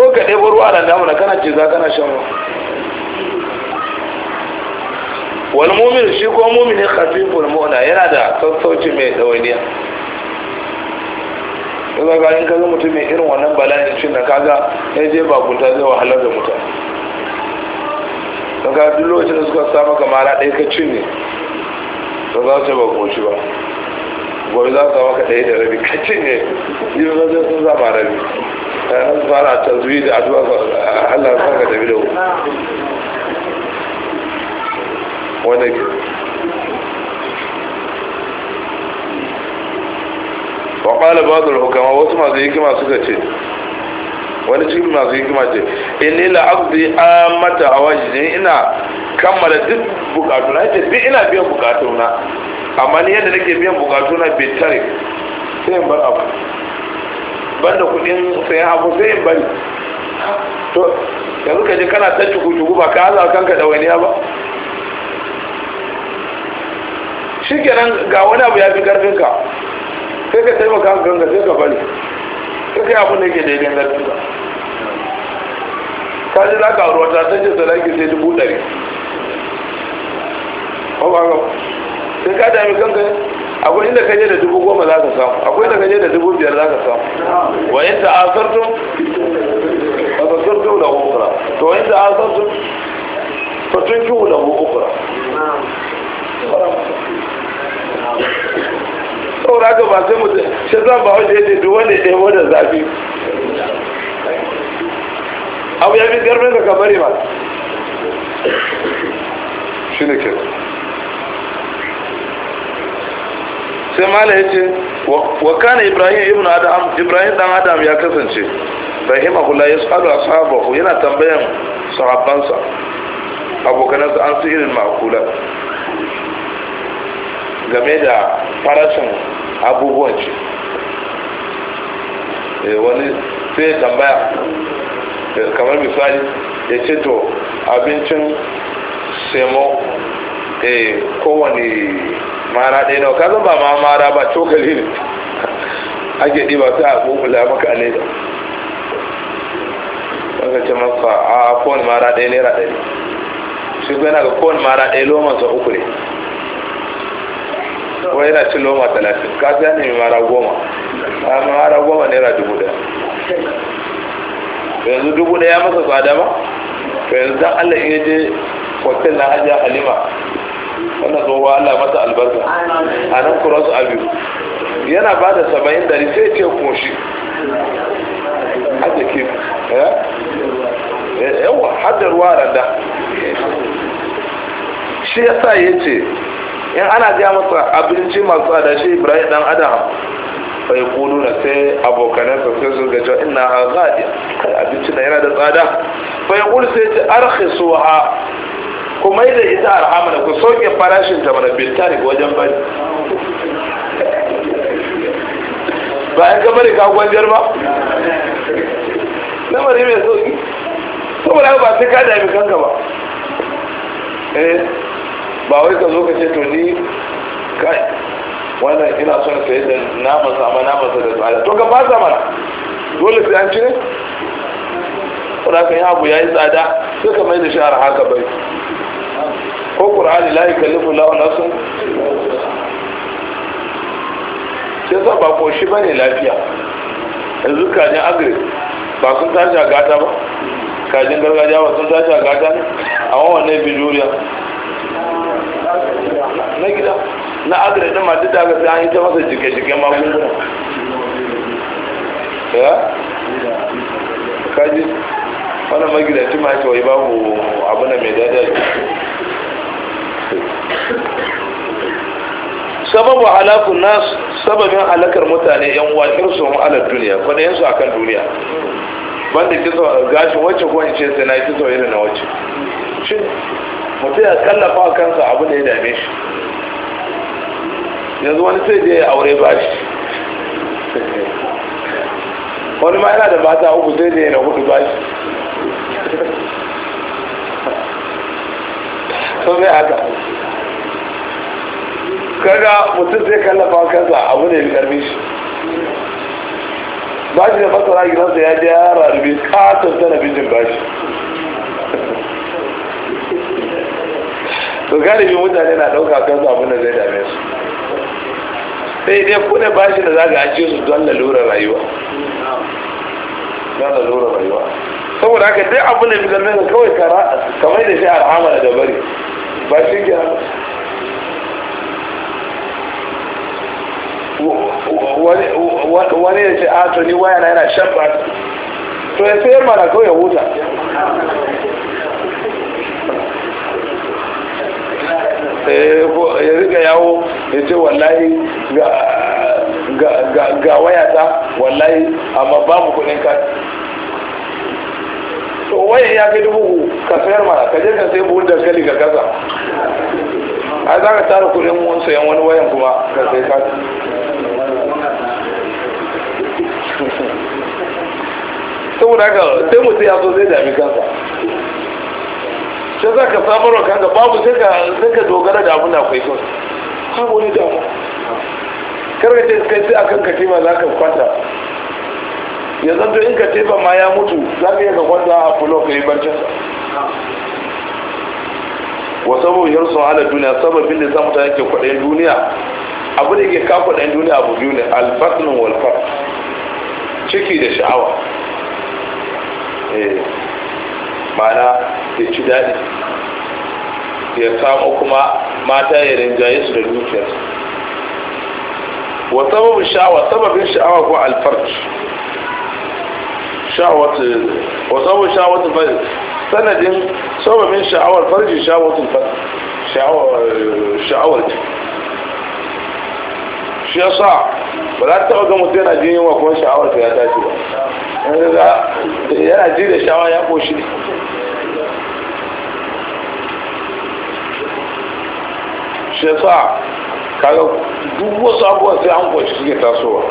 ko ka ɗebo ruwa da damuna kana ce za kana shan ruwa Wani mu'min shi ko mu'min ya khafiful fulmona yana da sassauci mai dawaniya kaga ga in kaga mutum mai irin wannan bala'in shi na kaga ya je ba bakunta zai wahalar da mutum daga duk lokacin da suka samu kamara ɗaya ka cinye ba za su ba koshi ba gobe za su samu ka ɗaya da rabi ka cinye yi ba zai sun zama rabi ta yanzu fara ta zuwi da addu'a Allah ya saka tafi da ku wanda wa qala ba al-hukama wasu masu hikima suka ce wani cikin masu hikima ce inni la abdi amata awajin ina kammala duk bukatu na ce bi ina biyan bukatu na amma ni yadda nake biyan bukatu na bai tare sai in bar abu banda kudin sayan abu sai in bari to yanzu ka je kana ta cuku-cuku ba ka haza kanka da waniya ba shi kenan ga wani abu ya fi karfinka sai ka taimaka ganga sai ka bari sai ka yi abin da yake daidai karfinka ta ji za ka ruwata ta ta ce salaki sai dubu ɗari ko sai ka dami ganga akwai inda ka je da dubu goma za ka samu akwai inda ka je da dubu biyar za ka samu wa in ta asartu ba ta sartu da hukura to in ta asartu fatun kiwu da hukura saura ga ba sai mutum shi zan ba wanda ya ce wani ya da zafi abu ya fi garmin ka bari ba shi ne ke sai mala ya ce wa kana ibrahim ibn adam ibrahim dan adam ya kasance rahimahullah ya sa'alu ashabahu yana tambayan sahabbansa abokanansa an su irin ma'akula game da farashin abubuwan ci eh, wani sai tambaya eh, kamar misali ya ce to abincin semo eh, kowane mara ɗaya na kazan ba ma mara ba cokali ne ake ɗiba ta a kukula maka ne da ɗaga ce masa a kowane mara ɗaya naira ɗari shi gana ga kowane mara ɗaya lomansa uku ne wani yana cin loma talatin ka siya ne mai mara goma a mara goma naira dubu daya yanzu dubu daya masa tsada ba yanzu zan allah iya je hotel na hajiya halima wannan tsohuwa allah masa albarka a nan cross abu yana ba da saba'in dari sai ce koshi hajji kif eh? eh, yawa hajjar ruwa randa shi ya sa ya ce in ana ga masa abinci masu adashi ibrahim dan adam bai kudu na sai abokanansa sai su gajo ina ha zaɗi kai abinci na yana da tsada bai kudu sai ta arkhisu ha kuma yi da ita arhamana ku soke farashin ta mana tari wajen bari ba an ga bari ka gwanjar ba lamari mai sauki saboda ba sai ka dami kanka ba eh ba wai ka zo ka ce to ni kai wannan ina son sayi da nama sama nama sa da tsada to ka ba sa mana dole sai an cire kuma kan abu ya yi tsada sai ka mai da shi arha ka bai ko qur'ani la yukallifu lahu nafsan sai sa ba koshi bane lafiya yanzu kajin agri ba sun tashi a gata ba kajin gargajiya ba sun tashi a gata ne a wannan bijuriya na gida na agri din mata ta da sai an yi ta masa jike-jike magunguna ya kaji wannan magidanci ma ce wai babu abu na mai daɗa sababu halakun na sababin halakar mutane yan uwa irsu ala duniya yansu a kan duniya banda kisa gashi wacce ko in ce sai na kisa irin na wacce mutum ya kallafa kansa abu da ya dame shi yanzu wani sai je ya aure ba shi wani ma yana da mata uku sai je na hudu ba shi sun zai haka kaga mutum zai kallafa kansa abu ne karfi shi ba shi da fasara gidansa ya je ya rarrabe katon talabijin ba shi to galibin mutane na ɗauka kan su abin da zai dame su sai dai kuna bashi da za an ce su don lalura rayuwa don lalura rayuwa saboda haka dai abin da bizan nan kawai kara kamar da shi al'amar da bari ba shi ke wani ya ce ato ni waya na yana shan ba to ya sayar mana kawai ya huta Eh, ya riga yawo ya ce wallahi ga wayata wallahi amma babu kudin ka to wayan ya kai dubu ka sayar mana ka je ka sai buhun dankali ga kasa a za ka tara kudin mun sayan wani wayan kuma ka sai ka saboda haka sai mutum ya so zai dami kansa sai za ka samar wa kanka babu sai ka dogara da abin da akwai kawai babu wani damu karka ce kai sai akan katifa za ka kwanta ya zanto in katifa ma ya mutu za ka yi ka kwanta a fulo ka yi barcinsa wa sababin yarsu ala duniya sababin da samu ta yake kwaɗayin duniya abu da yake kafa kwaɗayin duniya abu biyu ne alfatnin walfat ciki da sha'awa eh, ma'ana ya ci daɗi ya samu kuma mata ya rinjaye su da dukiyar wa sababin sha'awa sababin sha'awa ko alfarj wa sababin ta farji sanadin sababin sha'awar farji sha'awatun sha'awar ta shi ya sa ba za ta taɓa ga mutum yana jin yunwa kuma sha'awar ta ya tashi ba yana ji da sha'awa ya koshi ne shi yasa kaga duk wasu abuwa sai an kwaci suke tasowa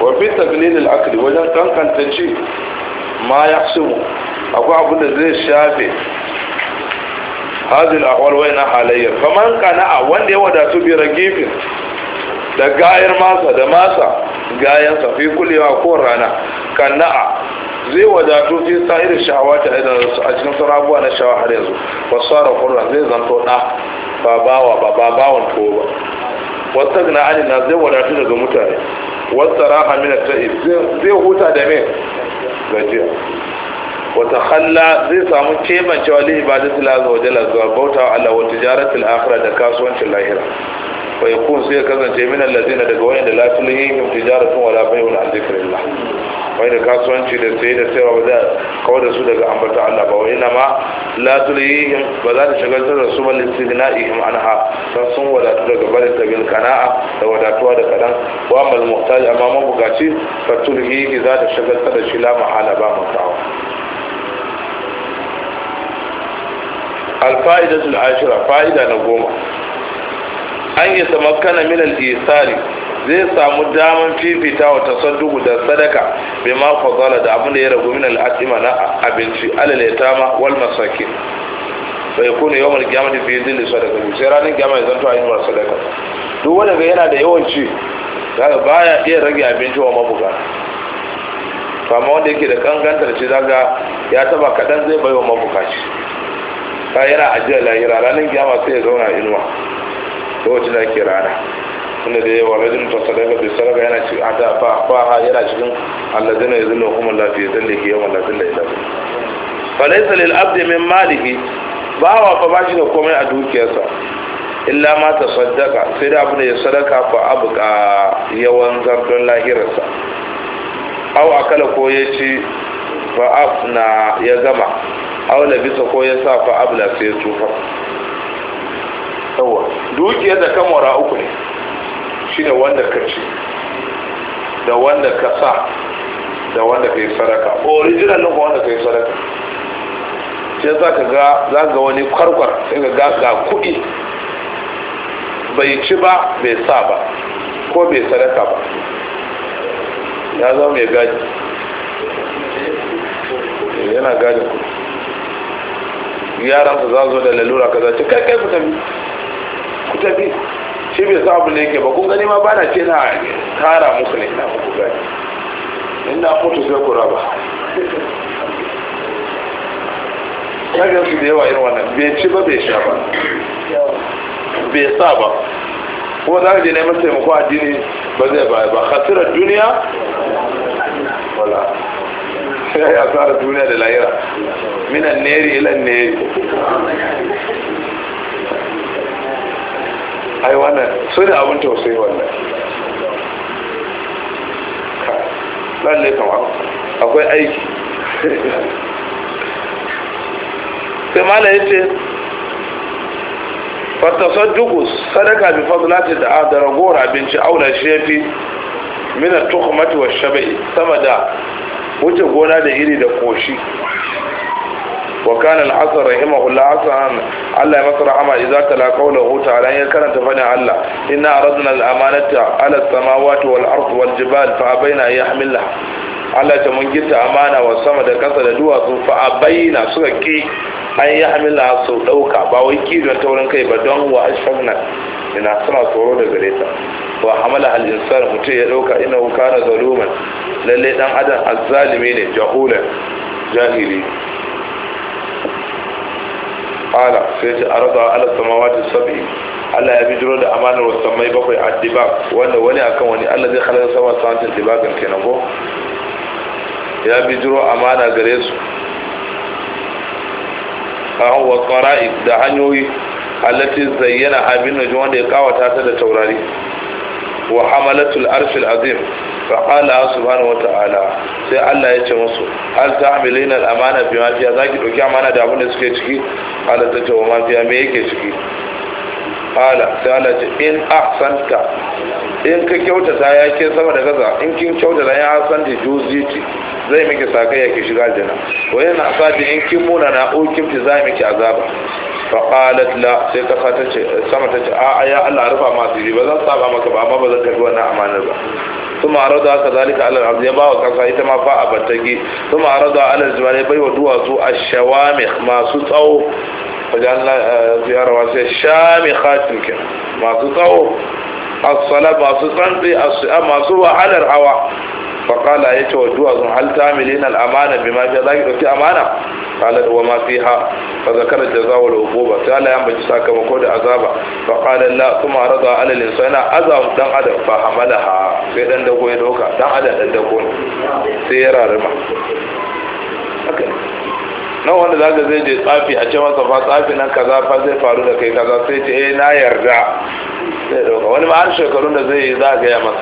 wafi fi wajen kankanta ce ma yahsibu akwai abin da zai shafe hazin akwai wa ina halayya faman wanda ya wadatu a gefe da gayar masa da masa gayan sa fi ko rana kana'a zai wadatu fi sa'irin shahawa ta a cikin sarabuwa na shawa har yanzu wasu kurra zai zanto ɗa ba bawa ba ba bawan tuwo ba wasu na alina na zai wadatu daga mutane wasu raha mina ta zai huta da mai gajiya wata khalla zai samu kebancewa li ibadatu la azza wa jalla zuwa bauta Allah wa tijaratul akhirah da kasuwancin lahira fa yakun sai kasance min allazina daga wayanda la tulhihim tijaratun wala bay'un an dhikrillah wayanda kasuwanci da sai da sayarwa ba za kawo da su daga ambata Allah ba wayanda nama la tulhihim ba za ta shagaltar da su ba listighna'ihim anha dan sun wadatu daga barin tabil kana'a da wadatuwa da kadan wa mal muhtaj amma mabukaci fa tulhihi za ta shagalta da shi la mahala ba mutawa alfa'idatul ashira fa'ida na goma an yi makana min al-isari zai samu daman fifita wa tasadduku da sadaka bai ma fazala da abin da ya ragu min al'adima na abinci alaleta ma wal masakin bai kuna yawan gyamata fiye da sadaka sai ranar gyama ya zanto a yi sadaka duk wanda ga yana da yawan ci daga baya iya rage abinci wa mabuga kama wanda yake da kangantar ce daga ya taba kaɗan zai bai wa mabukaci ba yana ajiyar lahira ranar kiyama sai ya zauna inuwa lokacin da ake rana inda da yawa rajin ta bai bi sadaka yana cikin hada fa fa yana cikin alladina hukumar lafiya zan da ke yawan lafiya da ya hu falai salil abdi min malihi bawa fa bashi da komai a dukiyarsa illa ma ta sadaka sai da abu da ya sadaka fa abuka yawan zardon lahirarsa aw akala ko ya ci fa na ya gama aula bisa ko ya sa fa abla sai ya tsufa yawa dukiyar da kamara uku ne shine wanda ka ci da wanda ka sa da wanda ka yi sadaka original ɗin wanda ka yi sadaka sai za ka ga za ga wani kwarkwar sai ka ga ga kuɗi bai ci ba bai sa ba ko bai sadaka ba ya zama mai gaji yana gaji kuɗi yaran su za zo da lalura kaza ce kai kai ku tafi ku tafi shi bai sa abu ne yake ba kun gani ma ba na ce na tara muku ne na muku gani ina mutu sai ku raba na gan su da yawa irin wannan bai ci ba bai sha ba bai sa ba kuma za ka je neman taimako addini ba zai baya ba hasirar duniya wala sai ya tsara duniya da lahira minan neri ilan neri ai wannan su da abin tausayi wannan lalle kamar akwai aiki sai mala ya ce fattasar duku sadaka bi fadlati da adara gora abinci aula shi ya fi mina tukumati wa shabai sama da wuce gona da iri da koshi wa kana al-hasan rahimahullah hasan Allah ya masa rahama idza tala qawluhu ta'ala ya karanta fadin Allah inna aradna al-amanata ala as wal Allah ta mun gita amana wa sama da kasa da duwatsu fa suka ki an yi hamila sau dauka ba wai kizon taurin kai ba don wa ashfaqna ina suna tsoro da gare ta wa hamala al mutum ya dauka ina kana zaluman lalle dan adam azzalimi ne jahulan jahili qala sai ce arada ala samawati sab'i Allah ya bijiro da amanar wasamai bakwai a dibak wanda wani akan wani Allah zai halar sama sa'antar dibakan kenan ko ya bijiro amana gare su a hawa tsara'i da hanyoyi allati zayyana abin najin wanda ya kawata ta da taurari wa hamalatul arshil azim fa qala subhanahu wa ta'ala sai Allah ya ce musu hal ta'milina al amana bima fiha zaki ɗauki amana da abin da suke ciki qala ta ce wa ma fiha me yake ciki qala sai Allah ce in ahsanta in ka kyautata ya ke sama da gaza in kin kyautata ya san da juziti zai miki sakai ya ki shiga aljanna wa yana asati in kin muna na ukin fi zai miki azaba fa qalat la sai ka ta ce sama ta ce a ya Allah rufa ma su ba zan saba maka ba amma ba zan karbi wannan amanar ba ba wa ita ma كذلك على العبد kuma وكسا إتما zuwa ne bai wa الجبال su ashawami masu tsawo. wajen eh, ziyara wasu shamikhatin kin masu tsawo asala masu tsantsi masu wahalar hawa faƙala ya ce wa duwatsun altamilin al'amana bi mafi za ki ɗauki amana ƙalar wa ma fi ha fa zakarar da za da hukuma sai ala ya ambaci sakamako da azaba faƙalar la kuma raza alalin sa yana azabun ɗan adam fa hamala ha sai dan dago ya ɗauka dan adam ɗan dago ne sai ya rarima. haka nan wanda za ka zai je tsafi a ce masa fa tsafi nan kaza fa zai faru da kai kaza sai ce eh na yarda sai dauka wani ma har shekarun da zai yi za a ya masa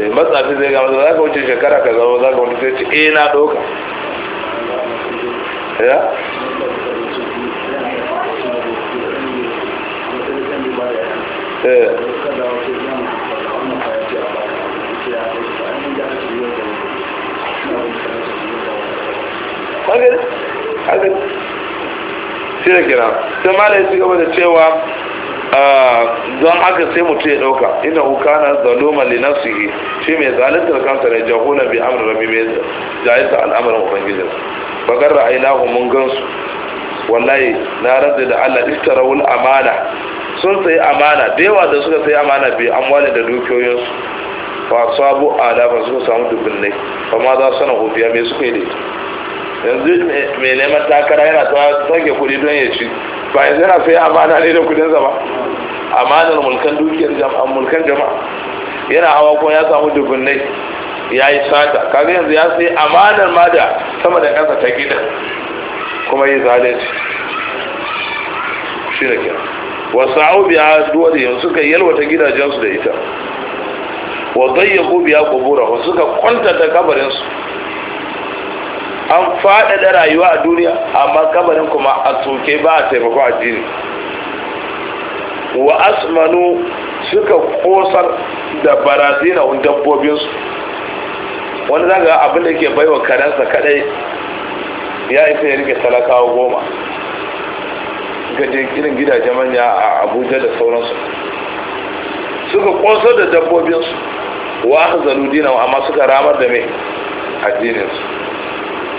eh, matsafi zai gama za ka wuce shekara kaza ba za ka wuce sai ce eh na dauka ya eh shi da cewa ah, don haka sai mutum ya dauka ina hukana na su yi shi mai zaluntar kansa da jahuna bi amr rabbi bai jayisa al'amarin ubangijin bakar ra'ayinahu mun gansu wallahi na rantsa da Allah istarawul amana sun sai amana da yawa da suka sai amana bi amwali da dukiyoyinsu fa sabu ala ba suka samu dubbin ne fa ma za su sana hudiya me suka yi da yanzu mai neman takara yana ta sake kuɗi don ya ci ba yanzu yana sai amana ne da kuɗin zama. amanar mulkan dukiyar jama'a mulkan jama'a yana hawa ko ya samu dubunnai ya yi sata kaga yanzu ya sai amanar ma da sama da ƙasa ta gidan kuma yi zalunci shi da kira. wasu duwa da yanzu suka ta gidajensu da ita wa zayyaku biya kubura suka kwanta ta kabarinsu an faɗaɗa rayuwa a duniya amma kabarin kuma a soke ba a taimako addini wa asmanu suka kosar da barazina dabbobinsu wani zaga abin da ke baiwa karensa kadai ya isa ya rike talakawa goma gaje irin gidajen manya a abuja da sauransu suka kosar da dabbobinsu wa aka zanudina amma suka ramar da mai addininsu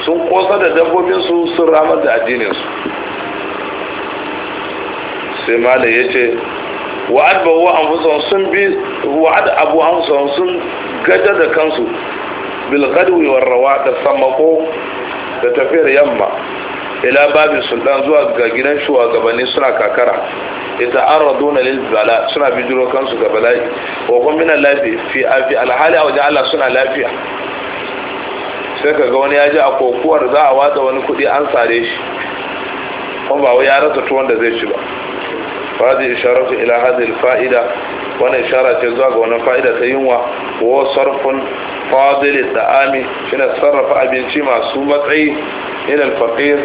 sun kosa da dabbobinsu sun ramar da addininsu sai malai ya ce wa'ad ba wa anfusan sun bi wa'ad abu anfusan sun gajar da kansu bilgadwi rawa da sammako da tafiyar yamma ila babin sultan zuwa ga gidan shugabanni suna kakara ita an raduna lil bala suna bijiro kansu ga bala'i wa kun min lafi fi afi alhali a wajen Allah suna lafiya sai ka ga wani ya ji a kokuwar za a watsa wani kuɗi an sare shi kuma ba ya rasa tuwon da zai ci ba ba zai isharatu ila hadhihi fa'ida Wani ishara ce zuwa ga wannan fa'ida ta yunwa wa da Ami shi shine sarrafa abinci masu matsayi ila al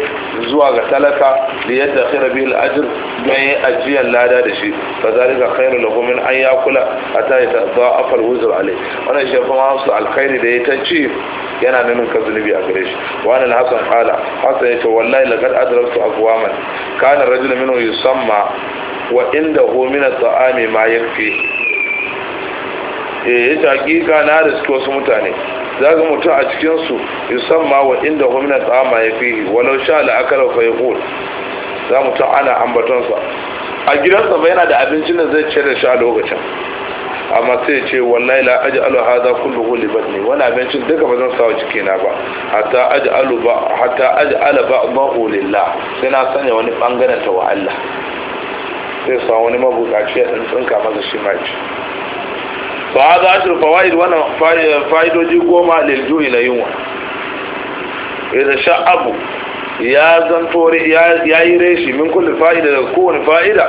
zuwa ga talaka da yadda khira bil ajr mai ajiyar lada da shi fa zalika khairu lahu min an yakula hatta yatadha'afa al-wuzr alai wannan shi kuma su alkhairi da ya ci yana nan ka zunubi a gare shi wa nan hasan qala hasan yace wallahi laqad adraktu aqwaman kana rajulun minhu yusamma wa inda homina ta'ami ma yanfi eh yace hakika na riski wasu mutane za ga mutum a cikinsu yusamma wa inda homina tsa'ama ya fi walau sha la'akara fa yaqul za mutum ana ambatonsa a gidansa ba yana da abincin da zai ce da shi a lokacin amma sai ce wallahi la aj'alu hadha kulluhu li badni wani abincin duka ba zan sa wa cikina ba hatta aj'alu ba hatta aj'ala ba'dahu lillah sai na sanya wani bangaren ta wa Allah sai sa wani mabukaci ya tsinka masa shi mai ci a hada ashru fawaid wannan fa'idoji goma lil ju'i la yunwa idan sha'abu ya zanto ya yi reshi min kulle fa'ida da kowane fa'ida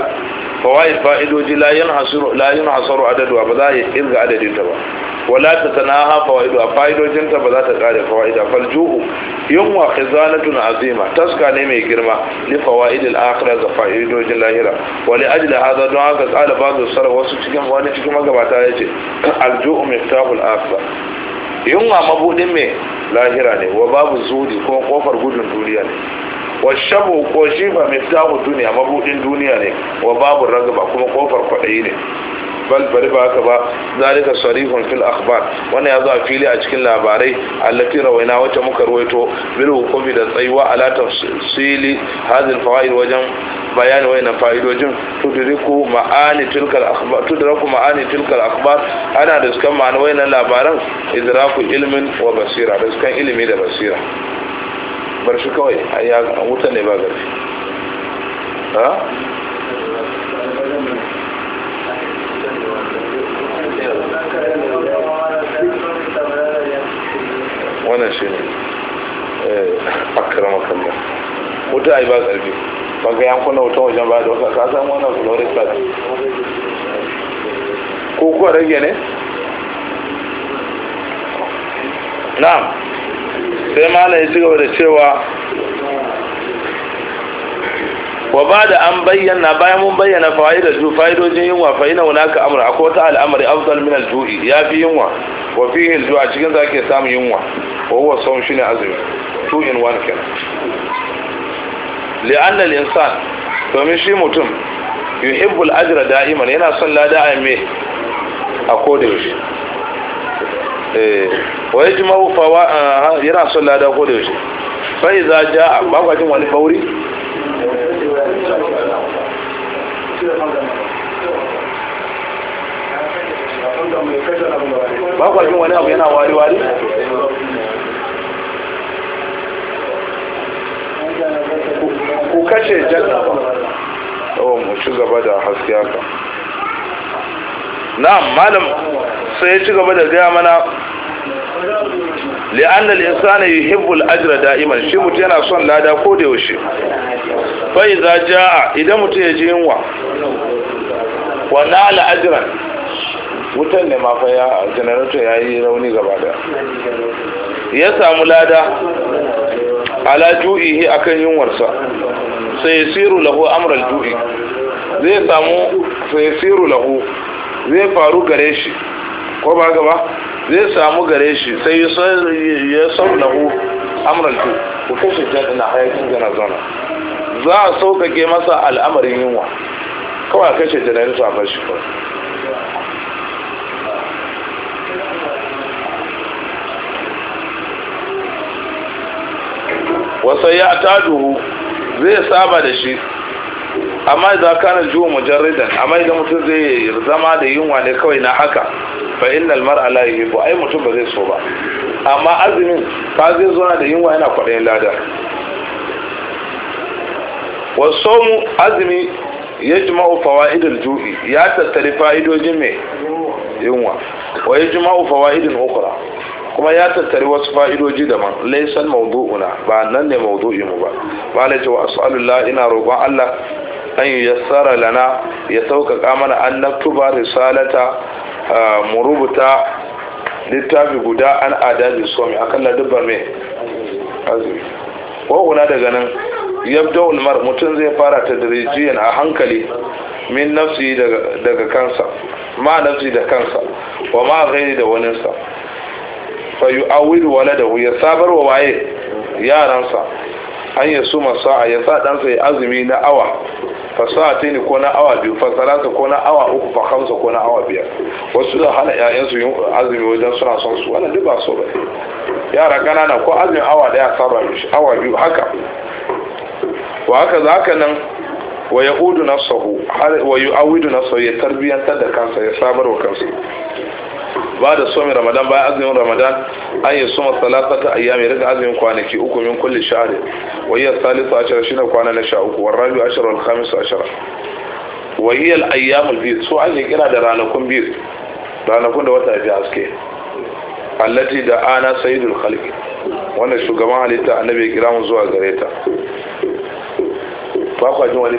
fawaid fa'idoji la yanhasiru la adadu ba za a yi irga adadin ta ba wala ta tanaha fawaidu fa'idojin ta ba za ta kare fawaida fal ju'u yunwa khizanatun azima taska ne mai girma li fawaid al akhirah ga fa'idojin lahira wa li ajli hadha don haka qala ba'du sar wasu cikin wani cikin magabata yace al ju'u miftahul akhirah yunwa mabudin me lahira ne wa babu zudi ko kofar gudun duniya ne wa shabu ko shi ba miftahu duniya mabudin duniya ne wa babu ragaba kuma kofar kwaɗayi ne bal bari ba haka ba zalika sarihun fil akhbar wannan ya zo a fili a cikin labarai allati rawaina wata muka ruwaito bil hukumi da tsayuwa ala tafsili hadhihi fawaid wajen bayani wayna fa'idojin tudriku ma'ani tilkal akhbar tudraku ma'ani tilkal akhbar ana da sukan ma'ani wayna labaran idraku ilmin wa basira da sukan ilmi da basira bar shi kawai a yi wuta ne ba garfi ha? wannan shi ne a eh, akirama kallon wuta a yi ba garfi ba ga yankuna wutan wajen ba da wasa ka samu wannan florida ko kuwa rage ne? na'am sai malam ya ci gaba da cewa wa ba da an bayyana bayan mun bayyana fa'ida ju fa'idojin yunwa fa'ina wani aka amr ko ta al'amari afdal min al-ju'i ya fi yunwa wa fi yin ju a cikin zake samun yunwa wa huwa shi ne azumi two in one kan li'an da insan domin shi mutum yuhibbul ajira da'iman yana son lada a mai a koda yaushe Eh, wani jima'u fawa ah, yana son lada ko da yaushe sai za ja a bakwacin wani bauri bakwacin wani abu yana wari-wari ku kashe jan o mu ci gaba da haske haka na'am malam sai ya ci gaba da gaya mana li'an da linsana yi hibbul ajira da'iman shi mutu yana son lada ko da yaushe bai za ja'a idan mutu ya ji yunwa wa nala ajiran wutan ne mafa ya janareto ya yi rauni gaba da ya samu lada ala ju'ihi akan yunwarsa sai siru lahu amral ju'i zai samu sai siru lahu zai faru gare shi ko ba gaba zai samu gare shi sai ya saunahu amran tu ku kashe jadina hayakin na zana za a sauƙaƙe masa al'amarin yunwa kawai kashe janarin sa bar shi kawai wasu ya ta duhu zai saba da shi amma idan kana juwa mujarridan amma idan mutum zai zama da yunwa ne kawai na haka fa innal mar'a la yuhibbu ai mutum ba zai so ba amma azumin ka zai zo da yunwa yana kwaɗayin lada wa somu azumi yajma'u fawaidul ju'i ya tattari fa'idojin mai yunwa wa yajma'u fawaidul ukhra kuma ya tattari wasu fa'idoji daban laysan mawdu'una ba nan ne mawdu'i mu ba ba la ce wa as'alullah ina roƙon Allah an yi yassara lana ya sauƙaƙa mana an naktuba risalata mu rubuta littafi guda an adabi somi akan ladubba mai azumi wahuna daga nan yabda ulmar mutum zai fara ta dirijiyan a hankali min nafsi daga kansa ma nafsi da kansa wa ma gairi da waninsa fa yu'awwidu da ya sabar wa waye yaransa an su suma sa'a ya sa ɗansa ya azumi na awa fasati ne ko na awa biyu fasalata ko na awa uku fa hamsa ko na awa biyar wasu da hana ƴaƴansu yin azumi wajen suna son su wannan duk ba so ba yara ƙanana ko azumin awa daya saba shi awa biyu haka wa haka za ka nan wa ya'udu nafsahu wa yu'awidu nafsahu ya tarbiyyantar da kansa ya samar wa kansa ba da somi ramadan bayan azumin ramadan an yi soma salasata ayyam ya rika azumin kwanaki uku min kulli shahri wa salisu ashara shine kwana na sha uku war rabi ashara wal khamis ashara wa so an kira da ranakun bid ranakun da wata bi haske allati da wannan shugaban halitta ya kira zuwa ba kwa jin wani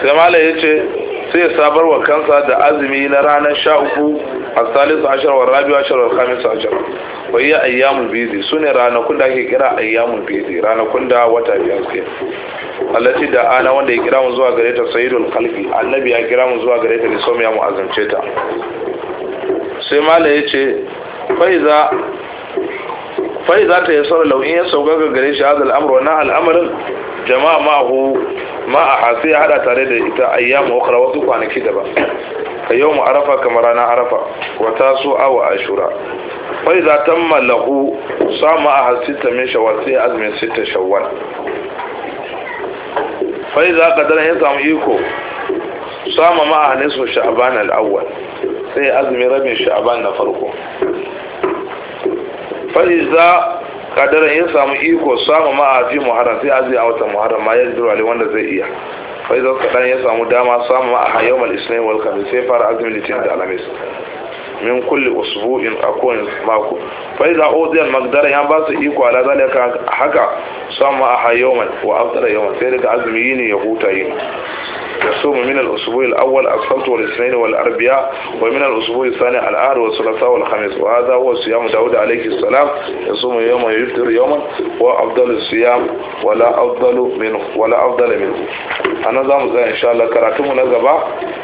sai malai ya ce sai sabar wa kansa da azumi na ranar sha uku a salisu ashirar wa rabi ashirar wa kamisu ashar wa iya ayyamun bizi su ne ranakun da ake kira ayyamun bizi ranakun da wata biyar ke allati da ana wanda ya kira mu zuwa gare ta sayyidul khalqi annabi ya kira mu zuwa gare ta ne so ya mu ta sai malai ya ce faiza faiza ta yi sauran lau'in ya sauka gare shi a amru wa na al'amarin jama'a ma'ahu ma a hasu ya hada tare da ita ayyama ukra wasu kwanaki daban ka yau mu arafa kamar ranar arafa wata su awa ashura fai za ta mallahu samu a hasu ta min shawar sai azumin sita shawar fai za ka dana ya samu iko samu ma a hanisu sha'aban al'awwal sai azumin rabin sha'aban na farko fai za kadaran ya samu iko samu ma a fi muharram sai azumi a watan muharram ma ya jiru wanda zai iya fai zan kadan ya samu dama samu ma a yawmal isnin wal khamis sai fara azumin litinin da alhamis min kulli usbu'in a kowane mako fai da odiyan magdara ya ba su iko ala zalika haka samu ma a yawmal wa afdara yawmal sai daga azumi ne ya huta yi. يصوم من الأسبوع الأول السبت والاثنين والأربعاء ومن الأسبوع الثاني الأحد والثلاثاء والخميس وهذا هو صيام داود عليه السلام يصوم يوما يفطر يوما وأفضل الصيام ولا أفضل منه ولا أفضل منه أنا زام إن شاء الله كراتم نزبا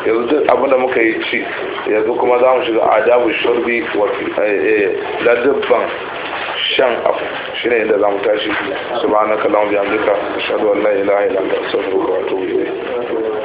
yanzu abinda muka yi ci yanzu kuma za mu shiga adabu shurbi da dubban shan abu shi ne inda za mu tashi subhanaka lahum bihamdika ashhadu an la ilaha illa anta astaghfiruka wa atubu ilayk